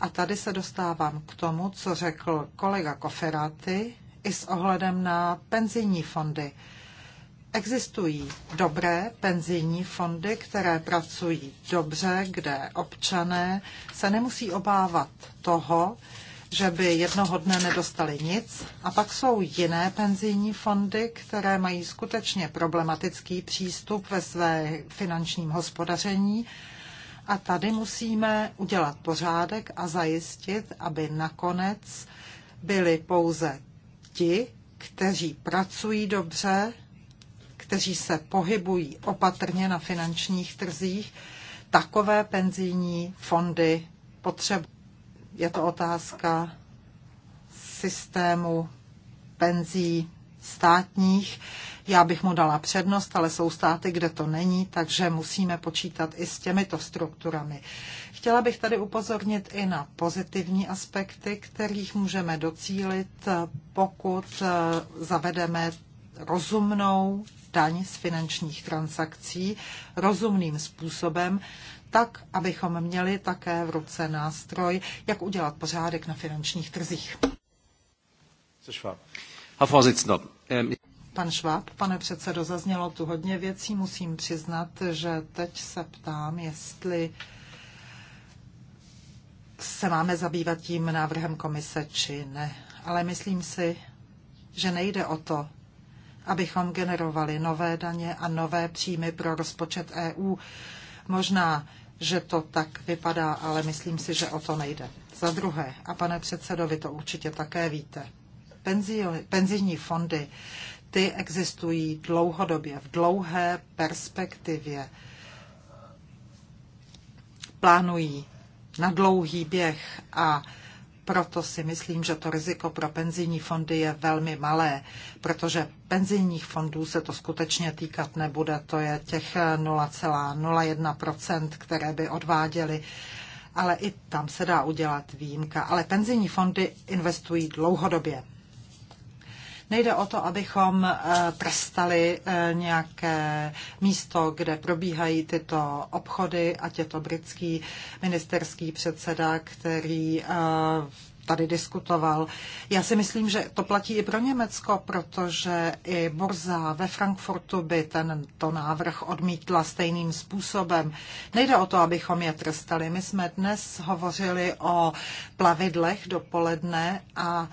A tady se dostávám k tomu, co řekl kolega Koferaty i s ohledem na penzijní fondy. Existují dobré penzijní fondy, které pracují dobře, kde občané se nemusí obávat toho, že by jednoho dne nedostali nic. A pak jsou jiné penzijní fondy, které mají skutečně problematický přístup ve své finančním hospodaření. A tady musíme udělat pořádek a zajistit, aby nakonec byli pouze ti, kteří pracují dobře, kteří se pohybují opatrně na finančních trzích, takové penzijní fondy potřebují. Je to otázka systému penzí státních. Já bych mu dala přednost, ale jsou státy, kde to není, takže musíme počítat i s těmito strukturami. Chtěla bych tady upozornit i na pozitivní aspekty, kterých můžeme docílit, pokud eh, zavedeme rozumnou daň z finančních transakcí rozumným způsobem, tak, abychom měli také v ruce nástroj, jak udělat pořádek na finančních trzích. Ähm, Pan Šváb, pane předsedo, zaznělo tu hodně věcí. Musím přiznat, že teď se ptám, jestli se máme zabývat tím návrhem komise, či ne. Ale myslím si, že nejde o to, abychom generovali nové daně a nové příjmy pro rozpočet EU. Možná že to tak vypadá, ale myslím si, že o to nejde. Za druhé, a pane předsedo, vy to určitě také víte, penzijní fondy, ty existují dlouhodobě, v dlouhé perspektivě. Plánují na dlouhý běh a proto si myslím, že to riziko pro penzijní fondy je velmi malé, protože penzijních fondů se to skutečně týkat nebude. To je těch 0,01%, které by odváděly ale i tam se dá udělat výjimka. Ale penzijní fondy investují dlouhodobě. Nejde o to, abychom eh, prstali eh, nějaké místo, kde probíhají tyto obchody, ať je to britský ministerský předseda, který eh, tady diskutoval. Já si myslím, že to platí i pro Německo, protože i burza ve Frankfurtu by tento návrh odmítla stejným způsobem. Nejde o to, abychom je trestali. My jsme dnes hovořili o plavidlech dopoledne a uh,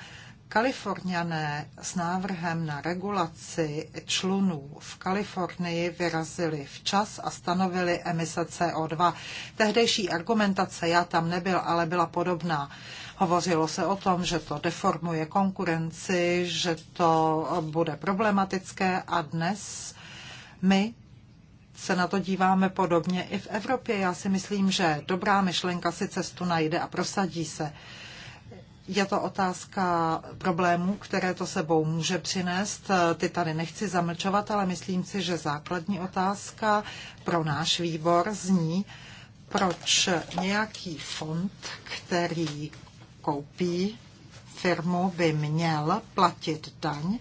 Kaliforniané s návrhem na regulaci člunů v Kalifornii vyrazili včas a stanovili emise CO2. Tehdejší argumentace, já tam nebyl, ale byla podobná. Hovořilo se o tom, že to deformuje konkurenci, že to bude problematické a dnes my se na to díváme podobně i v Evropě. Já si myslím, že dobrá myšlenka si cestu najde a prosadí se je to otázka problémů, které to sebou může přinést. Ty tady nechci zamlčovat, ale myslím si, že základní otázka pro náš výbor zní, proč nějaký fond, který koupí firmu, by měl platit daň,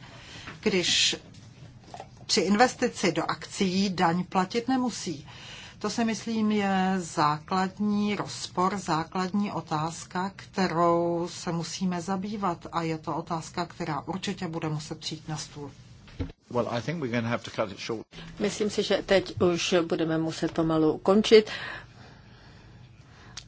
když při investici do akcí daň platit nemusí. To si myslím je základní rozpor, základní otázka, kterou se musíme zabývat a je to otázka, která určitě bude muset přijít na stůl. Well, I think we're have to cut it short. Myslím si, že teď už budeme muset pomalu končit.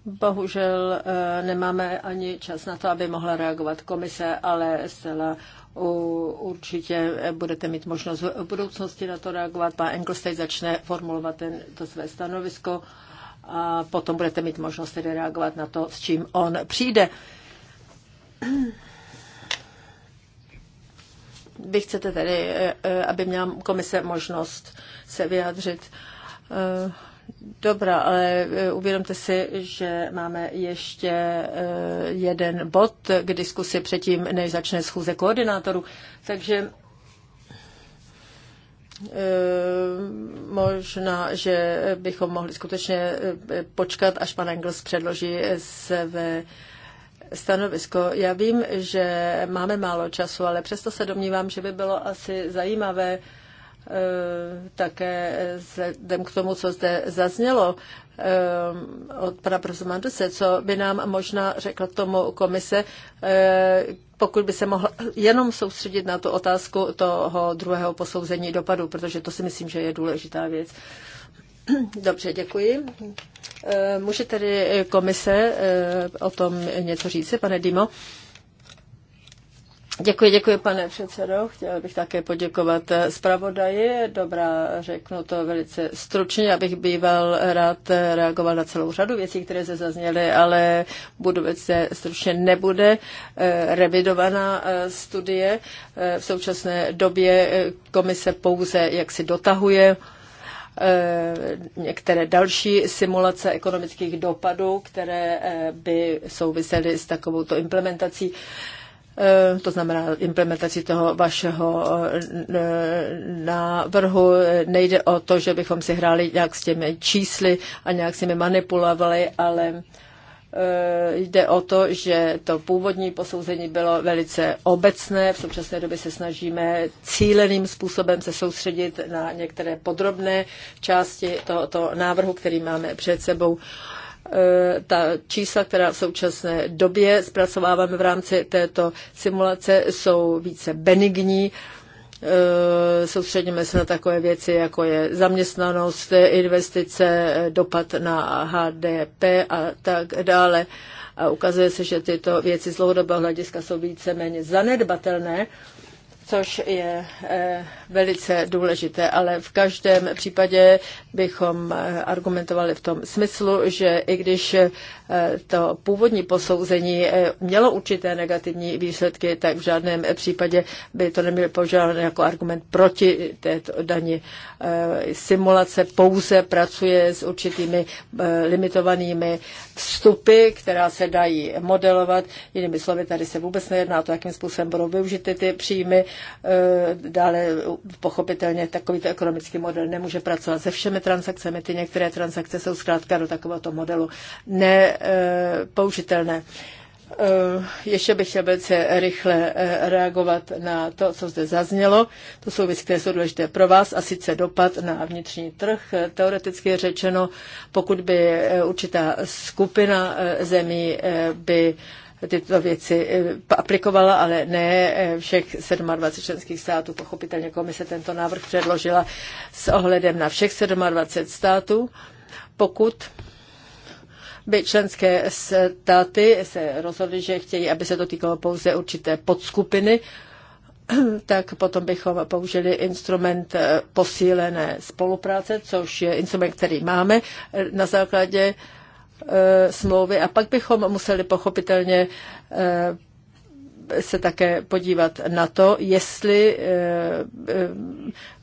Bohužel eh, nemáme ani čas na to, aby mohla reagovat komise, ale zcela určitě budete mít možnost v budoucnosti na to reagovat. Pan Engelstein začne formulovat ten, to své stanovisko a potom budete mít možnost tedy reagovat na to, s čím on přijde. Vy chcete tedy, eh, eh, aby měla komise možnost se vyjádřit. Dobrá, ale e, uvědomte si, že máme ještě e, jeden bod k diskusi předtím, než začne schůze koordinátorů. Takže e, možná, že bychom mohli skutečně počkat, až pan Engels předloží své stanovisko. Já vím, že máme málo času, ale přesto se domnívám, že by bylo asi zajímavé Eh, také vzhledem k tomu, co zde zaznělo eh, od pana profesora Manduse, co by nám možná řekla tomu komise, eh, pokud by se mohla jenom soustředit na tu otázku toho druhého posouzení dopadu, protože to si myslím, že je důležitá věc. Dobře, děkuji. Může tedy komise o tom něco říct, pane Dimo? Děkuji, děkuji, pane předsedo. Chtěl bych také poděkovat eh, zpravodaji. Dobrá, řeknu to velice stručně. Abych býval rád eh, reagoval na celou řadu věcí, které se zazněly, ale budu velice stručně nebude eh, revidovaná studie. V současné době komise pouze jak si dotahuje některé další simulace ekonomických dopadů, které by souvisely s takovouto implementací E, to znamená implementaci toho vašeho e, návrhu. Nejde o to, že bychom si hráli nějak s těmi čísly a nějak s nimi manipulovali, ale e, jde o to, že to původní posouzení bylo velice obecné. V současné době se snažíme cíleným způsobem se soustředit na některé podrobné části tohoto návrhu, který máme před sebou. Eh, ta čísla, která v současné době zpracováváme v rámci této simulace, jsou více benigní eh, soustředíme se na takové věci, jako je zaměstnanost, investice, dopad na HDP a tak dále. A ukazuje se, že tyto věci z dlouhodobého hlediska jsou méně zanedbatelné což je eh, velice důležité, ale v každém případě bychom eh, argumentovali v tom smyslu, že i když eh, to původní posouzení mělo určité negativní výsledky, tak v žádném případě by to nemělo používat jako argument proti této dani. Simulace pouze pracuje s určitými limitovanými vstupy, která se dají modelovat. Jinými slovy, tady se vůbec nejedná o to, jakým způsobem budou využity ty příjmy, Eh, dále pochopitelně takovýto ekonomický model nemůže pracovat se všemi transakcemi. Ty některé transakce jsou zkrátka do takovéhoto modelu nepoužitelné. Eh, ještě bych chtěl velice rychle eh, reagovat na to, co zde zaznělo. To jsou věci, které jsou důležité pro vás, a sice dopad na vnitřní trh. Teoreticky je řečeno, pokud by určitá skupina zemí by tyto věci eh, aplikovala, ale ne eh, všech 27 členských států. Pochopitelně komise tento návrh předložila s ohledem na všech 27 států. Pokud by členské státy se rozhodly, že chtějí, aby se to týkalo pouze určité podskupiny, tak potom bychom použili instrument eh, posílené spolupráce, což je instrument, který máme na základě Eh, smlouvy a pak bychom museli pochopitelně eh, se také podívat na to, jestli eh,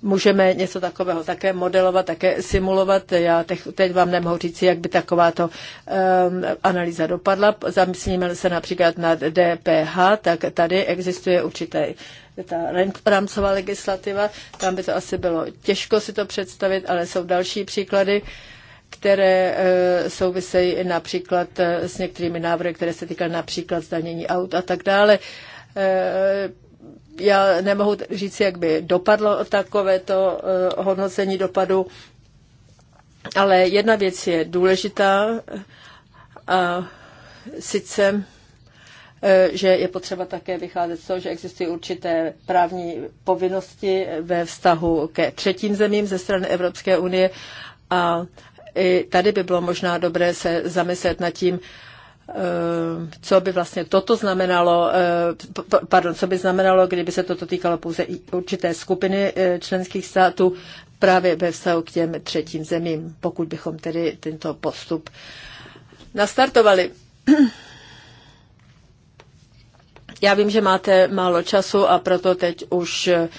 můžeme něco takového také modelovat, také simulovat. Já teď vám nemohu říct, jak by takováto analýza dopadla. Zamyslíme se například nad DPH, tak tady existuje určitý ta rámcová legislativa, tam by to asi bylo těžko si to představit, ale jsou další příklady. Uh, které eh, souvisejí například eh, s některými návrhy, které se týkají například zdanění aut a tak dále. Eh, já nemohu říct, jak by dopadlo takovéto hodnocení dopadu, ale jedna věc je důležitá a sice že je potřeba také vycházet z toho, že existují určité právní povinnosti ve vztahu ke třetím zemím ze strany Evropské unie a i tady by bylo možná dobré se zamyslet nad tím, eh, co by vlastně toto znamenalo, eh, pardon, co by znamenalo, kdyby se toto týkalo pouze i určité skupiny eh, členských států právě ve vztahu k těm třetím zemím, pokud bychom tedy tento postup nastartovali. Já vím, že máte málo času a proto teď už eh,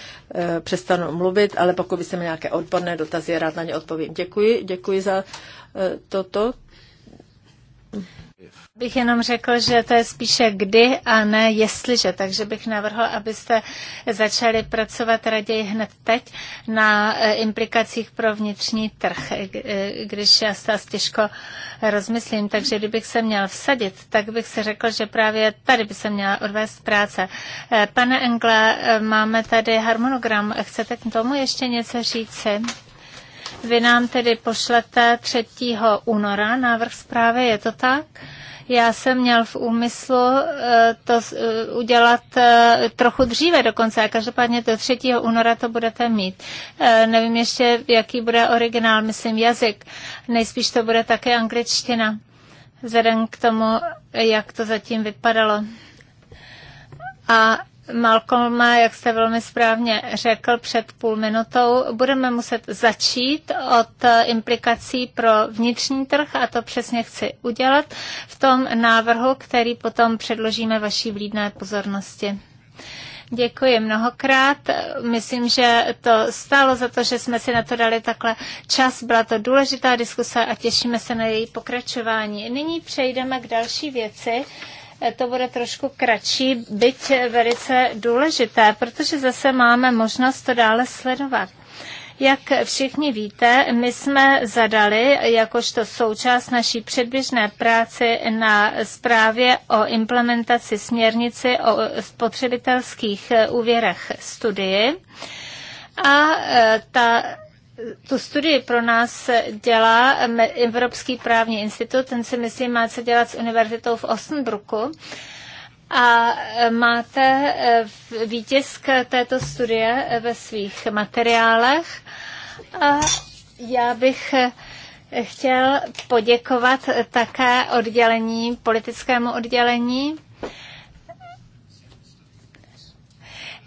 přestanu mluvit, ale pokud se mi nějaké odborné dotazy, rád na ně odpovím. Děkuji, děkuji za eh, toto bych jenom řekl, že to je spíše kdy a ne jestliže, takže bych navrhl, abyste začali pracovat raději hned teď na e, implikacích pro vnitřní trh, e, e, když já se těžko rozmyslím. Takže kdybych se měl vsadit, tak bych si řekl, že právě tady by se měla odvést práce. Pane Engle, máme tady harmonogram. Chcete k tomu ještě něco říci? Vy nám tedy pošlete 3. února návrh zprávy, je to tak? Já jsem měl v úmyslu eh, to eh, udělat eh, trochu dříve dokonce a každopádně do 3. února to budete mít. Nevím ještě, jaký bude originál, myslím jazyk. Nejspíš to bude také angličtina, vzhledem k tomu, jak to zatím vypadalo. A Malcolma, jak jste velmi správně řekl před půl minutou, budeme muset začít od eh, implikací pro vnitřní trh a to přesně chci udělat v tom návrhu, který potom předložíme vaší vlídné pozornosti. Děkuji mnohokrát. Myslím, že to stálo za to, že jsme si na to dali takhle čas. Byla to důležitá diskuse a těšíme se na její pokračování. Nyní přejdeme k další věci to bude trošku kratší, byť velice důležité, protože zase máme možnost to dále sledovat. Jak všichni víte, my jsme zadali jakožto součást naší předběžné práce na zprávě o implementaci směrnici o spotřebitelských úvěrech studii. A e, ta tu studii pro nás dělá eh, Evropský právní institut, ten si myslím má co dělat s univerzitou v Osnbruku. A eh, máte eh, výtisk této studie ve svých materiálech. A já bych chtěl poděkovat také oddělení, politickému oddělení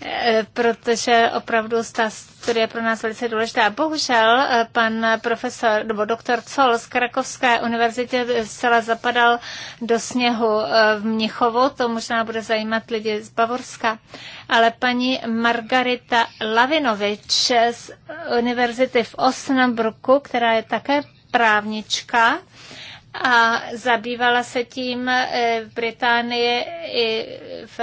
Eh, protože opravdu ta studie pro nás velice důležitá. Bohužel eh, pan profesor nebo doktor Col z Krakovské univerzitě zcela zapadal do sněhu eh, v Mnichovu, to možná bude zajímat lidi z Bavorska, ale paní Margarita Lavinovič z univerzity v Osnabruku, která je také právnička, a zabývala se tím e, v Británii i v,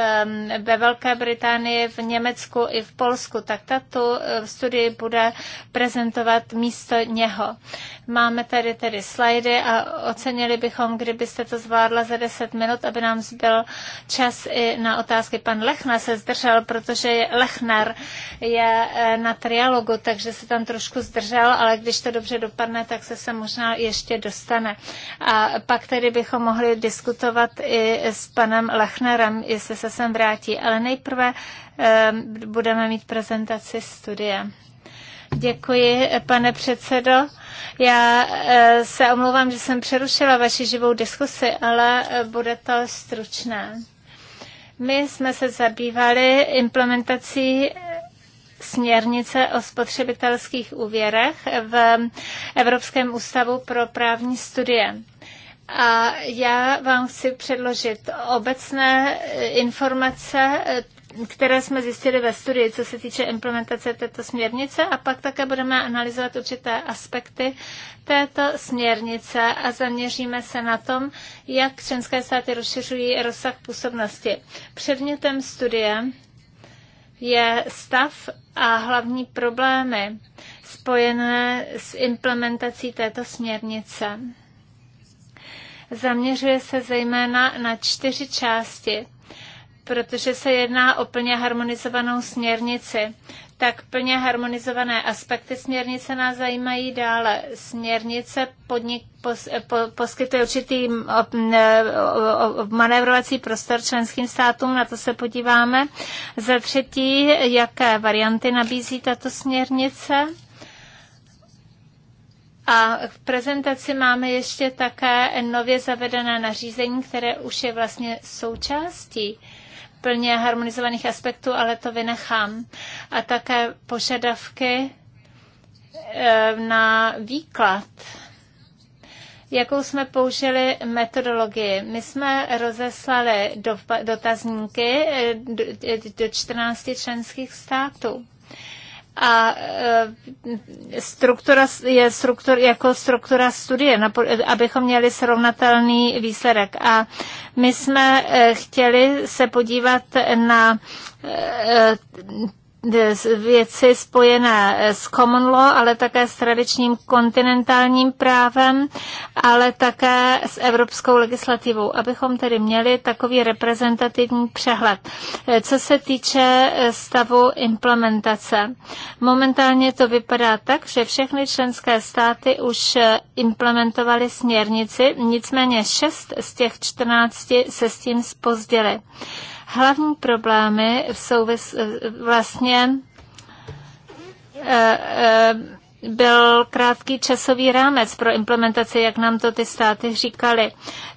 ve Velké Británii, v Německu i v Polsku, tak tato e, studii bude prezentovat místo něho. Máme tady tedy slajdy a ocenili bychom, kdybyste to zvládla za 10 minut, aby nám zbyl čas i na otázky. Pan Lechna se zdržel, protože Lechner je e, na trialogu, takže se tam trošku zdržel, ale když to dobře dopadne, tak se se možná ještě dostane. A pak tedy bychom mohli diskutovat i s panem Lechnerem, jestli se sem vrátí. Ale nejprve eh, budeme mít prezentaci studie. Děkuji, pane předsedo. Já eh, se omlouvám, že jsem přerušila vaši živou diskusi, ale eh, bude to stručné. My jsme se zabývali implementací směrnice o spotřebitelských úvěrech v Evropském ústavu pro právní studie. A já vám chci předložit obecné eh, informace eh, které jsme zjistili ve studii, co se týče implementace této směrnice a pak také budeme analyzovat určité aspekty této směrnice a zaměříme se na tom, jak členské státy rozšiřují rozsah působnosti. Předmětem studie je stav a hlavní problémy spojené s implementací této směrnice. Zaměřuje se zejména na čtyři části, protože se jedná o plně harmonizovanou směrnici tak plně harmonizované aspekty směrnice nás zajímají dále. Směrnice podnik, pos, po, poskytuje určitý manévrovací prostor členským státům, na to se podíváme. Za třetí, jaké varianty nabízí tato směrnice? A v prezentaci máme ještě také nově zavedené nařízení, které už je vlastně součástí uh, plně harmonizovaných aspektů, ale to vynechám. A také požadavky eh, na výklad jakou jsme použili metodologii. My jsme rozeslali dotazníky eh, do, do 14 členských států a e, struktura je struktur, jako struktura studie, abychom měli srovnatelný výsledek. A my jsme e, chtěli se podívat na e, věci spojené eh, s common law, ale také s tradičním kontinentálním právem, ale také s evropskou legislativou, abychom tedy měli takový reprezentativní přehled. Eh, co se týče eh, stavu implementace, momentálně to vypadá tak, že všechny členské státy už implementovaly směrnici, nicméně šest z těch 14 se s tím spozdily. Hlavní problémy v souvis, vlastně eh, eh, byl krátký časový rámec pro implementaci, jak nám to ty státy říkali.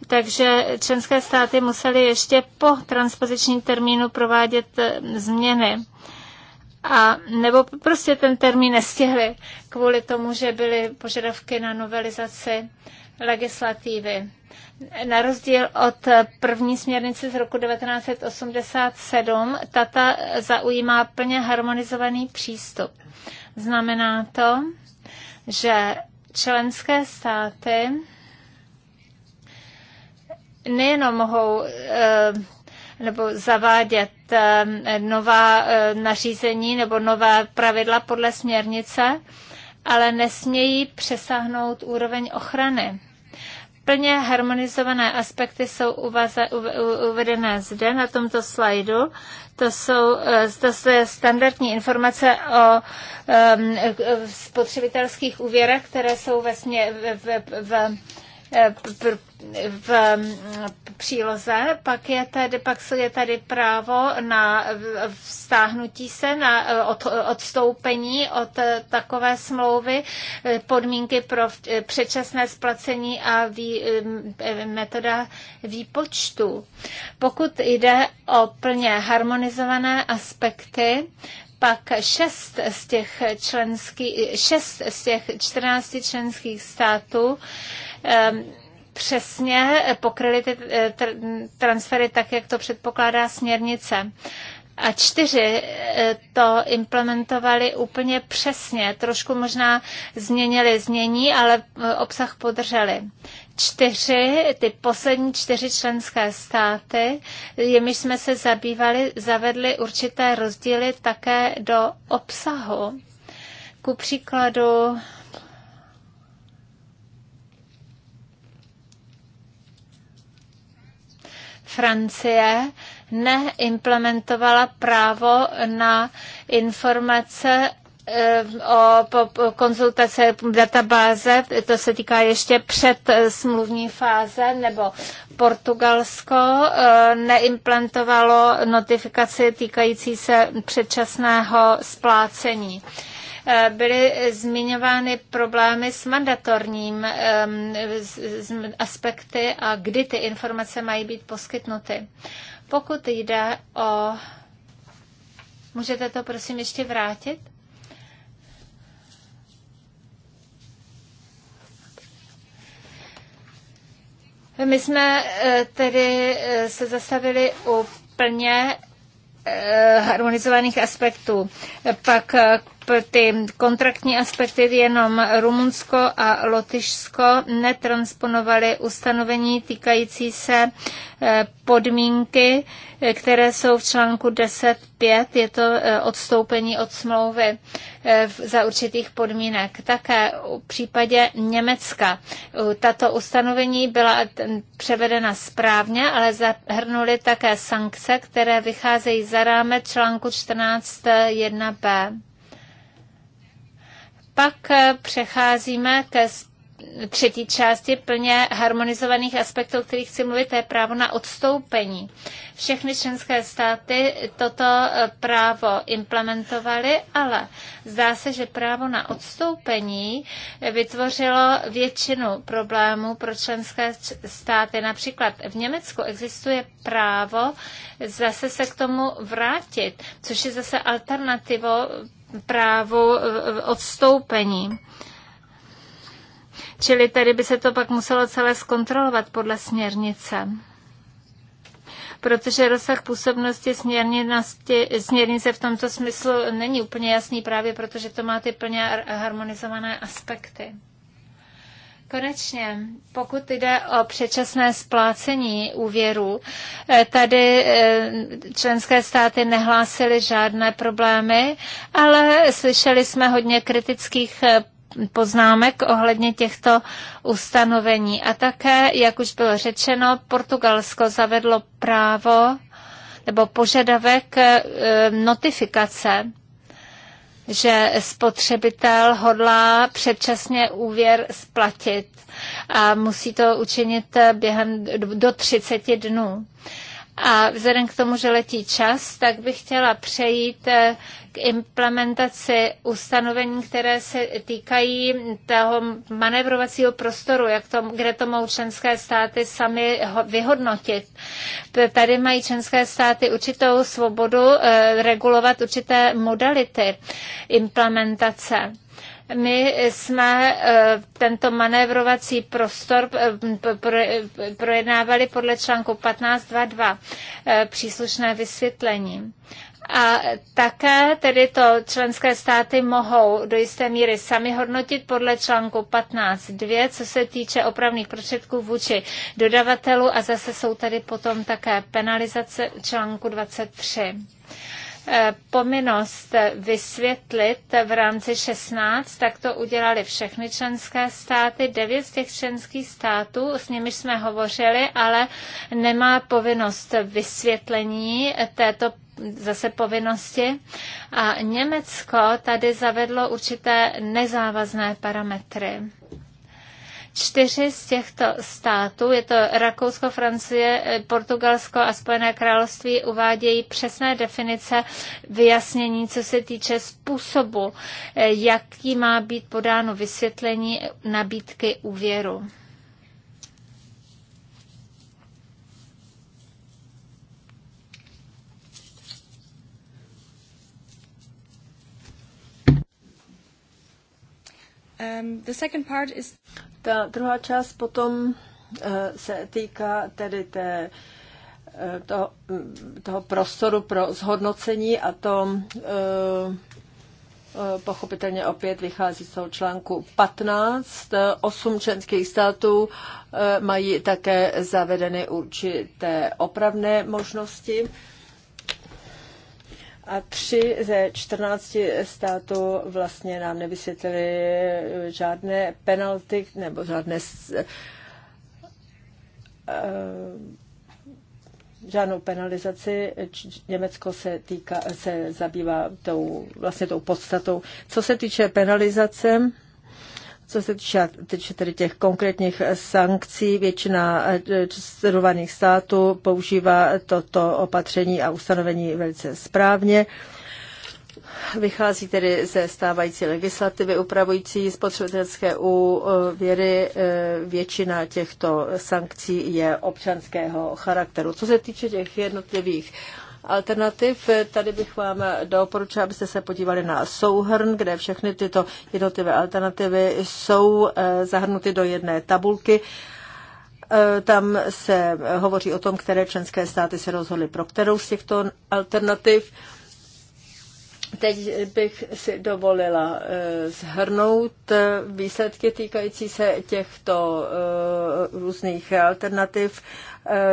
Takže členské státy musely ještě po transpozičním termínu provádět eh, změny. A nebo prostě ten termín nestihli kvůli tomu, že byly požadavky na novelizaci uh, legislativy. Na rozdíl od první směrnice z roku 1987, tata zaujímá plně harmonizovaný přístup. Znamená to, že členské státy nejenom mohou eh, nebo zavádět eh, nová eh, nařízení nebo nová pravidla podle směrnice, ale nesmějí přesáhnout úroveň ochrany Plně harmonizované aspekty jsou uvaze, uvedené zde na tomto slajdu. To jsou eh, to jsou standardní informace o um, spotřebitelských úvěrech, které jsou vlastně v, v, v v příloze, pak je tady, pak je tady právo na vstáhnutí se, na od, odstoupení od takové smlouvy, podmínky pro předčasné splacení a vý, metoda výpočtu. Pokud jde o plně harmonizované aspekty, pak šest z těch, členský, šest z těch 14 členských států ehm, přesně pokryly ty eh, transfery tak, jak to předpokládá směrnice. A čtyři eh, to implementovali úplně přesně. Trošku možná změnili znění, ale eh, obsah podrželi čtyři, ty poslední čtyři členské státy, jimi jsme se zabývali, zavedly určité rozdíly také do obsahu. Ku příkladu Francie neimplementovala právo na informace Eh, o konzultace databáze, to se týká ještě před eh, smluvní fáze, nebo Portugalsko eh, neimplantovalo notifikaci týkající se předčasného splácení byly zmiňovány problémy s mandatorním aspekty a kdy ty informace mají být poskytnuty. Pokud jde o... Můžete to prosím ještě vrátit? My jsme eh, tedy eh, se zastavili úplně eh, harmonizovaných aspektů. Pak ty kontraktní aspekty jenom Rumunsko a Lotyšsko netransponovaly ustanovení týkající se eh, podmínky, eh, které jsou v článku 10.5. Je to eh, odstoupení od smlouvy za určitých podmínek. Také v případě Německa tato ustanovení byla převedena správně, ale zahrnuly také sankce, které vycházejí za rámec článku 14.1b. Pak eh, přecházíme ke třetí části plně harmonizovaných aspektů, o kterých chci mluvit, to je právo na odstoupení. Všechny členské státy toto eh, právo implementovaly, ale zdá se, že právo na odstoupení vytvořilo většinu problémů pro členské státy. Například v Německu existuje právo zase se k tomu vrátit, což je zase alternativo právo e, e, odstoupení. Čili tady by se to pak muselo celé zkontrolovat podle směrnice protože rozsah působnosti směrnice v tomto smyslu není úplně jasný právě, protože to má ty plně harmonizované aspekty. Konečně, pokud jde o předčasné splácení úvěru, eh, tady eh, členské státy nehlásily žádné problémy, ale slyšeli jsme hodně kritických eh, poznámek ohledně těchto ustanovení. A také, jak už bylo řečeno, Portugalsko zavedlo právo nebo požadavek notifikace že spotřebitel hodlá předčasně úvěr splatit a musí to učinit během do 30 dnů. A vzhledem k tomu, že letí čas, tak bych chtěla přejít eh, k implementaci ustanovení, které se týkají toho manevrovacího prostoru, jak to, kde to mohou členské státy sami vyhodnotit. Tady mají členské státy určitou svobodu eh, regulovat určité modality implementace. My jsme eh, tento manévrovací prostor eh, projednávali podle článku 15.2.2 eh, příslušné vysvětlení. A také tedy to členské státy mohou do jisté míry sami hodnotit podle článku 15.2, co se týče opravných prostředků vůči dodavatelů a zase jsou tady potom také penalizace článku 23. Eh, povinnost vysvětlit v rámci 16, tak to udělali všechny členské státy. Devět z těch členských států, s nimiž jsme hovořili, ale nemá povinnost vysvětlení této zase povinnosti. A Německo tady zavedlo určité nezávazné parametry. Čtyři z těchto států, je to Rakousko, Francie, Portugalsko a Spojené království, uvádějí přesné definice vyjasnění, co se týče způsobu, eh, jaký má být podáno vysvětlení nabídky úvěru. Um, is... Ta druhá část potom eh, se týká tedy té, eh, toho, mm, toho prostoru pro zhodnocení a to eh, pochopitelně opět vychází z toho článku 15. Osm členských států mají také zavedeny určité opravné možnosti. A tři ze 14 států vlastně nám nevysvětlili žádné penalty nebo žádné eh, žádnou penalizaci. Německo se, týká, se zabývá tou, vlastně tou podstatou. Co se týče penalizace, co se týče, tedy těch konkrétních sankcí, většina sledovaných eh, států používá toto opatření a ustanovení velice správně. Vychází tedy ze stávající legislativy upravující spotřebitelské úvěry. Eh, většina těchto sankcí je občanského charakteru. Co se týče těch jednotlivých alternativ. Tady bych vám doporučila, abyste se podívali na souhrn, kde všechny tyto jednotlivé alternativy jsou eh, zahrnuty do jedné tabulky. Eh, tam se hovoří o tom, které členské státy se rozhodly pro kterou z těchto alternativ. Teď bych si dovolila zhrnout eh, eh, výsledky týkající se těchto eh, různých alternativ.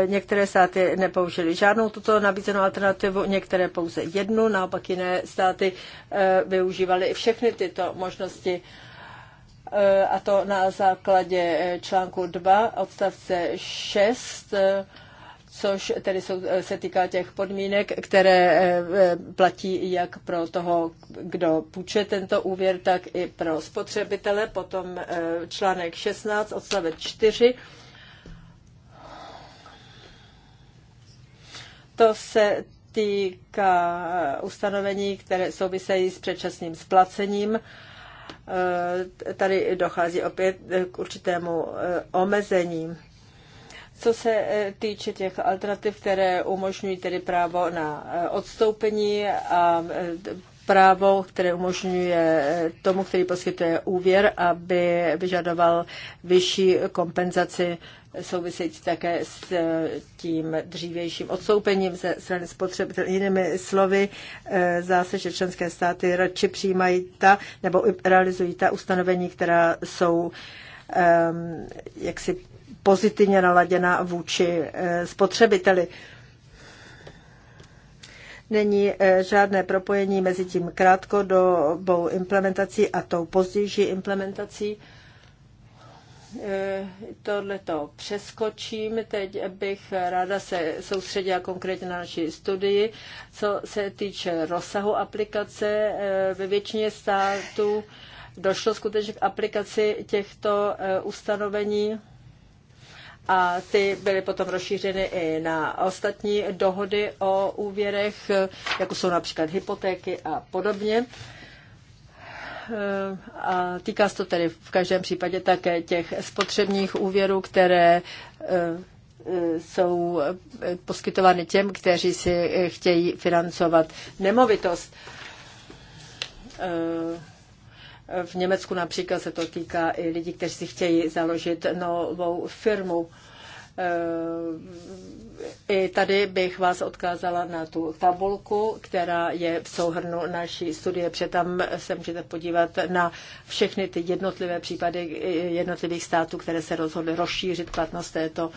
Některé státy nepoužily žádnou tuto nabízenou alternativu, některé pouze jednu, naopak jiné státy využívaly všechny tyto možnosti a to na základě článku 2 odstavce 6 což tedy jsou, eh, se týká těch podmínek, které eh, eh, platí jak pro toho, kdo půjče tento úvěr, tak i pro spotřebitele. Potom článek 16, odstavec 4. To se týká ustanovení, které souvisejí s předčasným splacením. Tady dochází opět k určitému omezení. Co se e, týče těch alternativ, které umožňují tedy právo na e, odstoupení a e, právo, které umožňuje tomu, který poskytuje úvěr, aby vyžadoval vyšší kompenzaci související také s tím dřívějším odstoupením ze strany spotřebitel. Jinými slovy, zase, že členské státy radši přijímají ta nebo realizují ta ustanovení, která jsou jaksi pozitivně naladěna vůči eh, spotřebiteli. Není eh, žádné propojení mezi tím krátkodobou implementací a tou pozdější implementací. Eh, Tohle to přeskočím. Teď bych ráda se soustředila konkrétně na naší studii. Co se týče rozsahu aplikace ve většině států, došlo skutečně k aplikaci těchto ustanovení a ty byly potom rozšířeny i na ostatní dohody o úvěrech, jako jsou například hypotéky a podobně. A týká se to tedy v každém případě také těch spotřebních úvěrů, které eh, jsou poskytovány těm, kteří si chtějí financovat nemovitost eh, v Německu například se to týká i lidí, kteří si chtějí založit novou firmu. E, I tady bych vás odkázala na tu tabulku, která je v souhrnu naší studie, protože tam se můžete podívat na všechny ty jednotlivé případy jednotlivých států, které se rozhodly rozšířit platnost této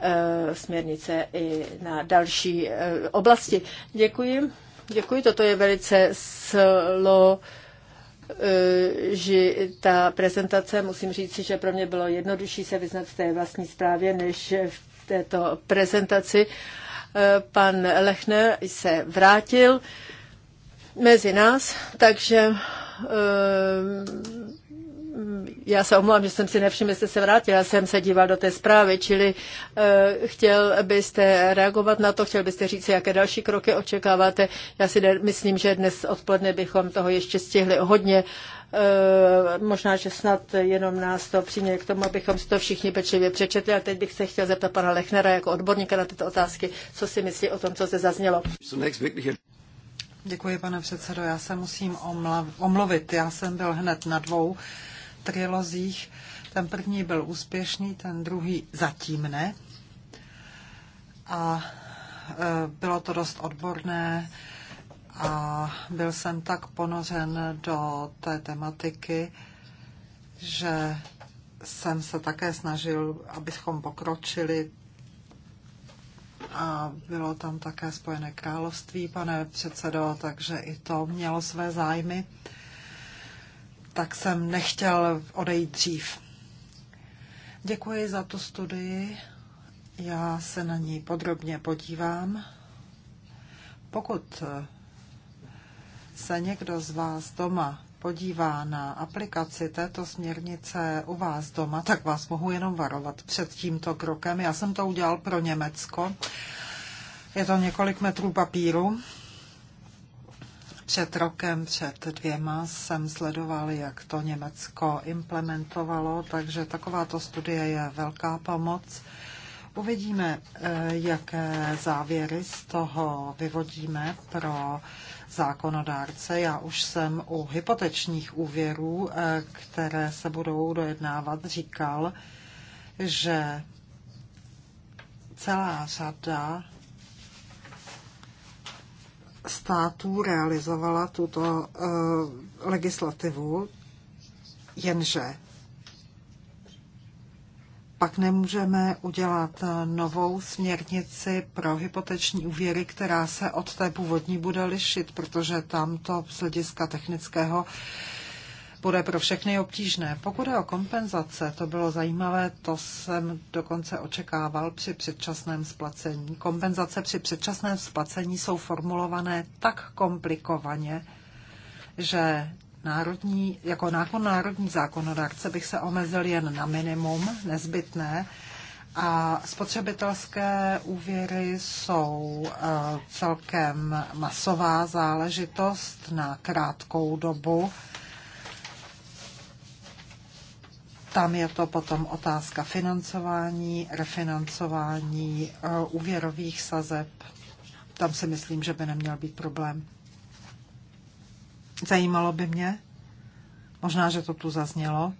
e, směrnice i na další e, oblasti. Děkuji. Děkuji, toto je velice slo. Eh, že ta prezentace, musím říct, že pro mě bylo jednodušší se vyznat v té vlastní zprávě, než v této prezentaci. Eh, pan Lechner se vrátil mezi nás, takže eh, já se omlouvám, že jsem si nevšiml, jestli se vrátil, já jsem se díval do té zprávy, čili e, chtěl byste reagovat na to, chtěl byste říct, jaké další kroky očekáváte. Já si de, myslím, že dnes odpoledne bychom toho ještě stihli hodně. E, možná, že snad jenom nás to přiměje k tomu, abychom si to všichni pečlivě přečetli. A teď bych se chtěl zeptat pana Lechnera jako odborníka na tyto otázky, co si myslí o tom, co se zaznělo. Děkuji, pane předsedo. Já se musím omluvit. Já jsem byl hned na dvou trilozích. Ten první byl úspěšný, ten druhý zatím ne. A e, bylo to dost odborné a byl jsem tak ponořen do té tematiky, že jsem se také snažil, abychom pokročili a bylo tam také Spojené království, pane předsedo, takže i to mělo své zájmy tak jsem nechtěl odejít dřív. Děkuji za tu studii. Já se na ní podrobně podívám. Pokud se někdo z vás doma podívá na aplikaci této směrnice u vás doma, tak vás mohu jenom varovat před tímto krokem. Já jsem to udělal pro Německo. Je to několik metrů papíru před rokem, před dvěma jsem sledoval, jak to Německo implementovalo, takže takováto studie je velká pomoc. Uvidíme, eh, jaké závěry z toho vyvodíme pro zákonodárce. Já už jsem u hypotečních úvěrů, eh, které se budou dojednávat, říkal, že celá řada států realizovala tuto eh, legislativu, jenže pak nemůžeme udělat novou směrnici pro hypoteční úvěry, která se od té původní bude lišit, protože tam to z hlediska technického uh, bude pro všechny obtížné. Pokud je o kompenzace, to bylo zajímavé, to jsem dokonce očekával při předčasném splacení. Kompenzace při předčasném splacení jsou formulované tak komplikovaně, že národní, jako nákon národní zákonodárce bych se omezil jen na minimum nezbytné, a spotřebitelské úvěry jsou eh, celkem masová záležitost na krátkou dobu. Tam je to potom otázka financování, refinancování eh, úvěrových sazeb. Tam si myslím, že by neměl být problém. Zajímalo by mě, možná, že to tu zaznělo,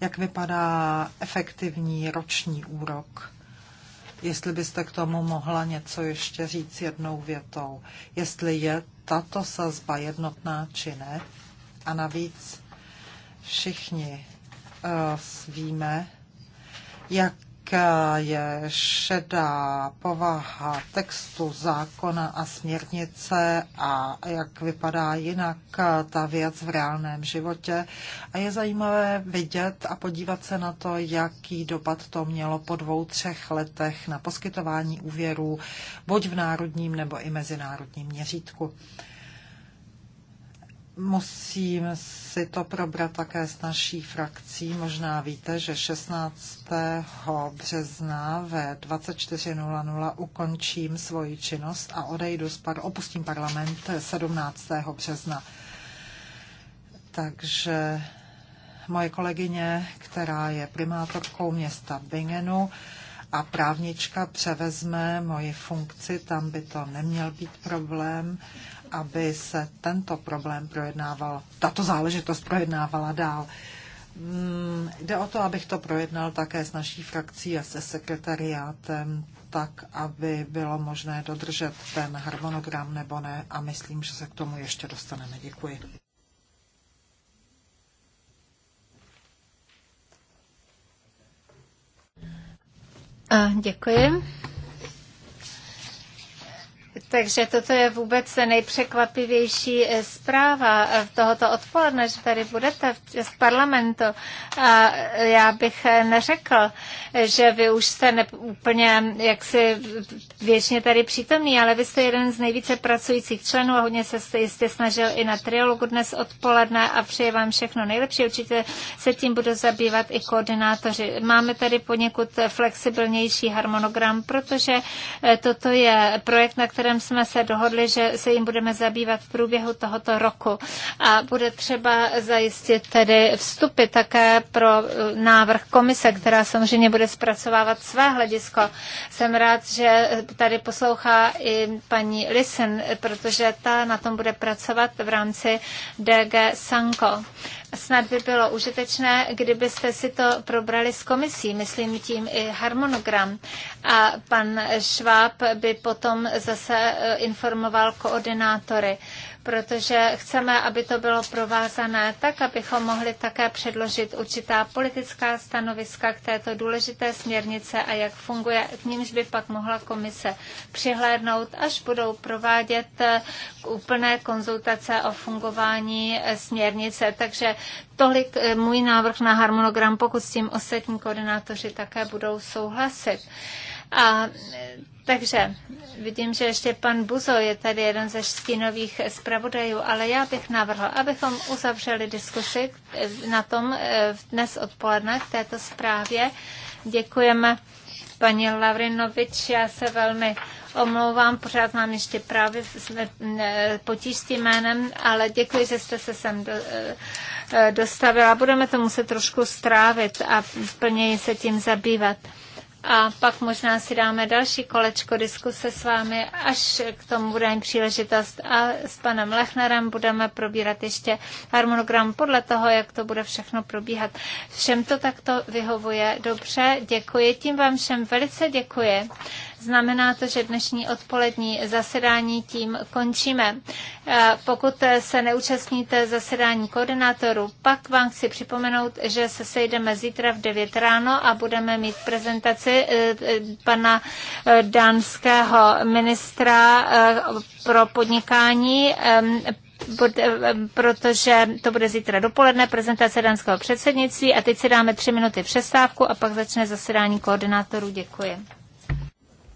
jak vypadá efektivní roční úrok. Jestli byste k tomu mohla něco ještě říct jednou větou. Jestli je tato sazba jednotná či ne. A navíc všichni Eh, víme, jak je šedá povaha textu zákona a směrnice a jak vypadá jinak eh, ta věc v reálném životě. A je zajímavé vidět a podívat se na to, jaký dopad to mělo po dvou, třech letech na poskytování úvěrů, buď v národním nebo i mezinárodním měřítku. Uh, Musím si to probrat také s naší frakcí. Možná víte, že 16. března ve 24.00 ukončím svoji činnost a odejdu z par- opustím parlament 17. března. Takže moje kolegyně, která je primátorkou města Bingenu a právnička, převezme moji funkci, tam by to neměl být problém aby se tento problém projednával, tato záležitost projednávala dál. Mm, jde o to, abych to projednal také s naší frakcí a se sekretariátem, tak, aby bylo možné dodržet ten harmonogram nebo ne a myslím, že se k tomu ještě dostaneme. Děkuji. Děkuji. Takže toto je vůbec nejpřekvapivější eh, zpráva eh, tohoto odpoledne, že tady budete z parlamentu. A eh, já bych neřekl, že vy už jste ne, úplně jaksi věčně tady přítomný, ale vy jste jeden z nejvíce pracujících členů a hodně se jste jistě snažil i na triologu dnes odpoledne a přeji vám všechno nejlepší. Určitě se tím budou zabývat i koordinátoři. Máme tady poněkud flexibilnější harmonogram, protože toto je projekt, na kterém jsme se dohodli, že se jim budeme zabývat v průběhu tohoto roku. A bude třeba zajistit tedy vstupy také pro e, návrh komise, která samozřejmě bude zpracovávat své hledisko. Jsem rád, že tady poslouchá i paní Lisen, protože ta na tom bude pracovat v rámci DG Sanko. Snad by bylo užitečné, kdybyste si to probrali s komisí, myslím tím i harmonogram. A pan Šváb by potom zase Eh, informoval koordinátory, protože chceme, aby to bylo provázané tak, abychom mohli také předložit určitá politická stanoviska k této důležité směrnice a jak funguje, k nímž by pak mohla komise přihlédnout, až budou provádět eh, úplné konzultace o fungování eh, směrnice. Takže tolik můj návrh na harmonogram, pokud s tím ostatní koordinátoři také budou souhlasit. A takže vidím, že ještě pan Buzo je tady jeden ze stínových zpravodajů, ale já bych navrhl, abychom uzavřeli diskusi na tom eh, dnes odpoledne v této zprávě. Děkujeme paní Lavrinovič, já se velmi omlouvám, pořád mám ještě právě eh, potíž s tím jménem, ale děkuji, že jste se sem do, eh, dostavila. Budeme to muset trošku strávit a plněji se tím zabývat. A pak možná si dáme další kolečko diskuse s vámi, až k tomu budeme příležitost. A s panem Lechnerem budeme probírat ještě harmonogram podle toho, jak to bude všechno probíhat. Všem to takto vyhovuje. Dobře, děkuji. Tím vám všem velice děkuji Znamená to, že dnešní odpolední zasedání tím končíme. E, pokud se neúčastníte zasedání koordinátorů, pak vám chci připomenout, že se sejdeme zítra v 9 ráno a budeme mít prezentaci e, e, pana dánského ministra pro podnikání protože to bude zítra dopoledne prezentace danského předsednictví a teď si dáme tři minuty přestávku a pak začne zasedání koordinátorů. Děkuji.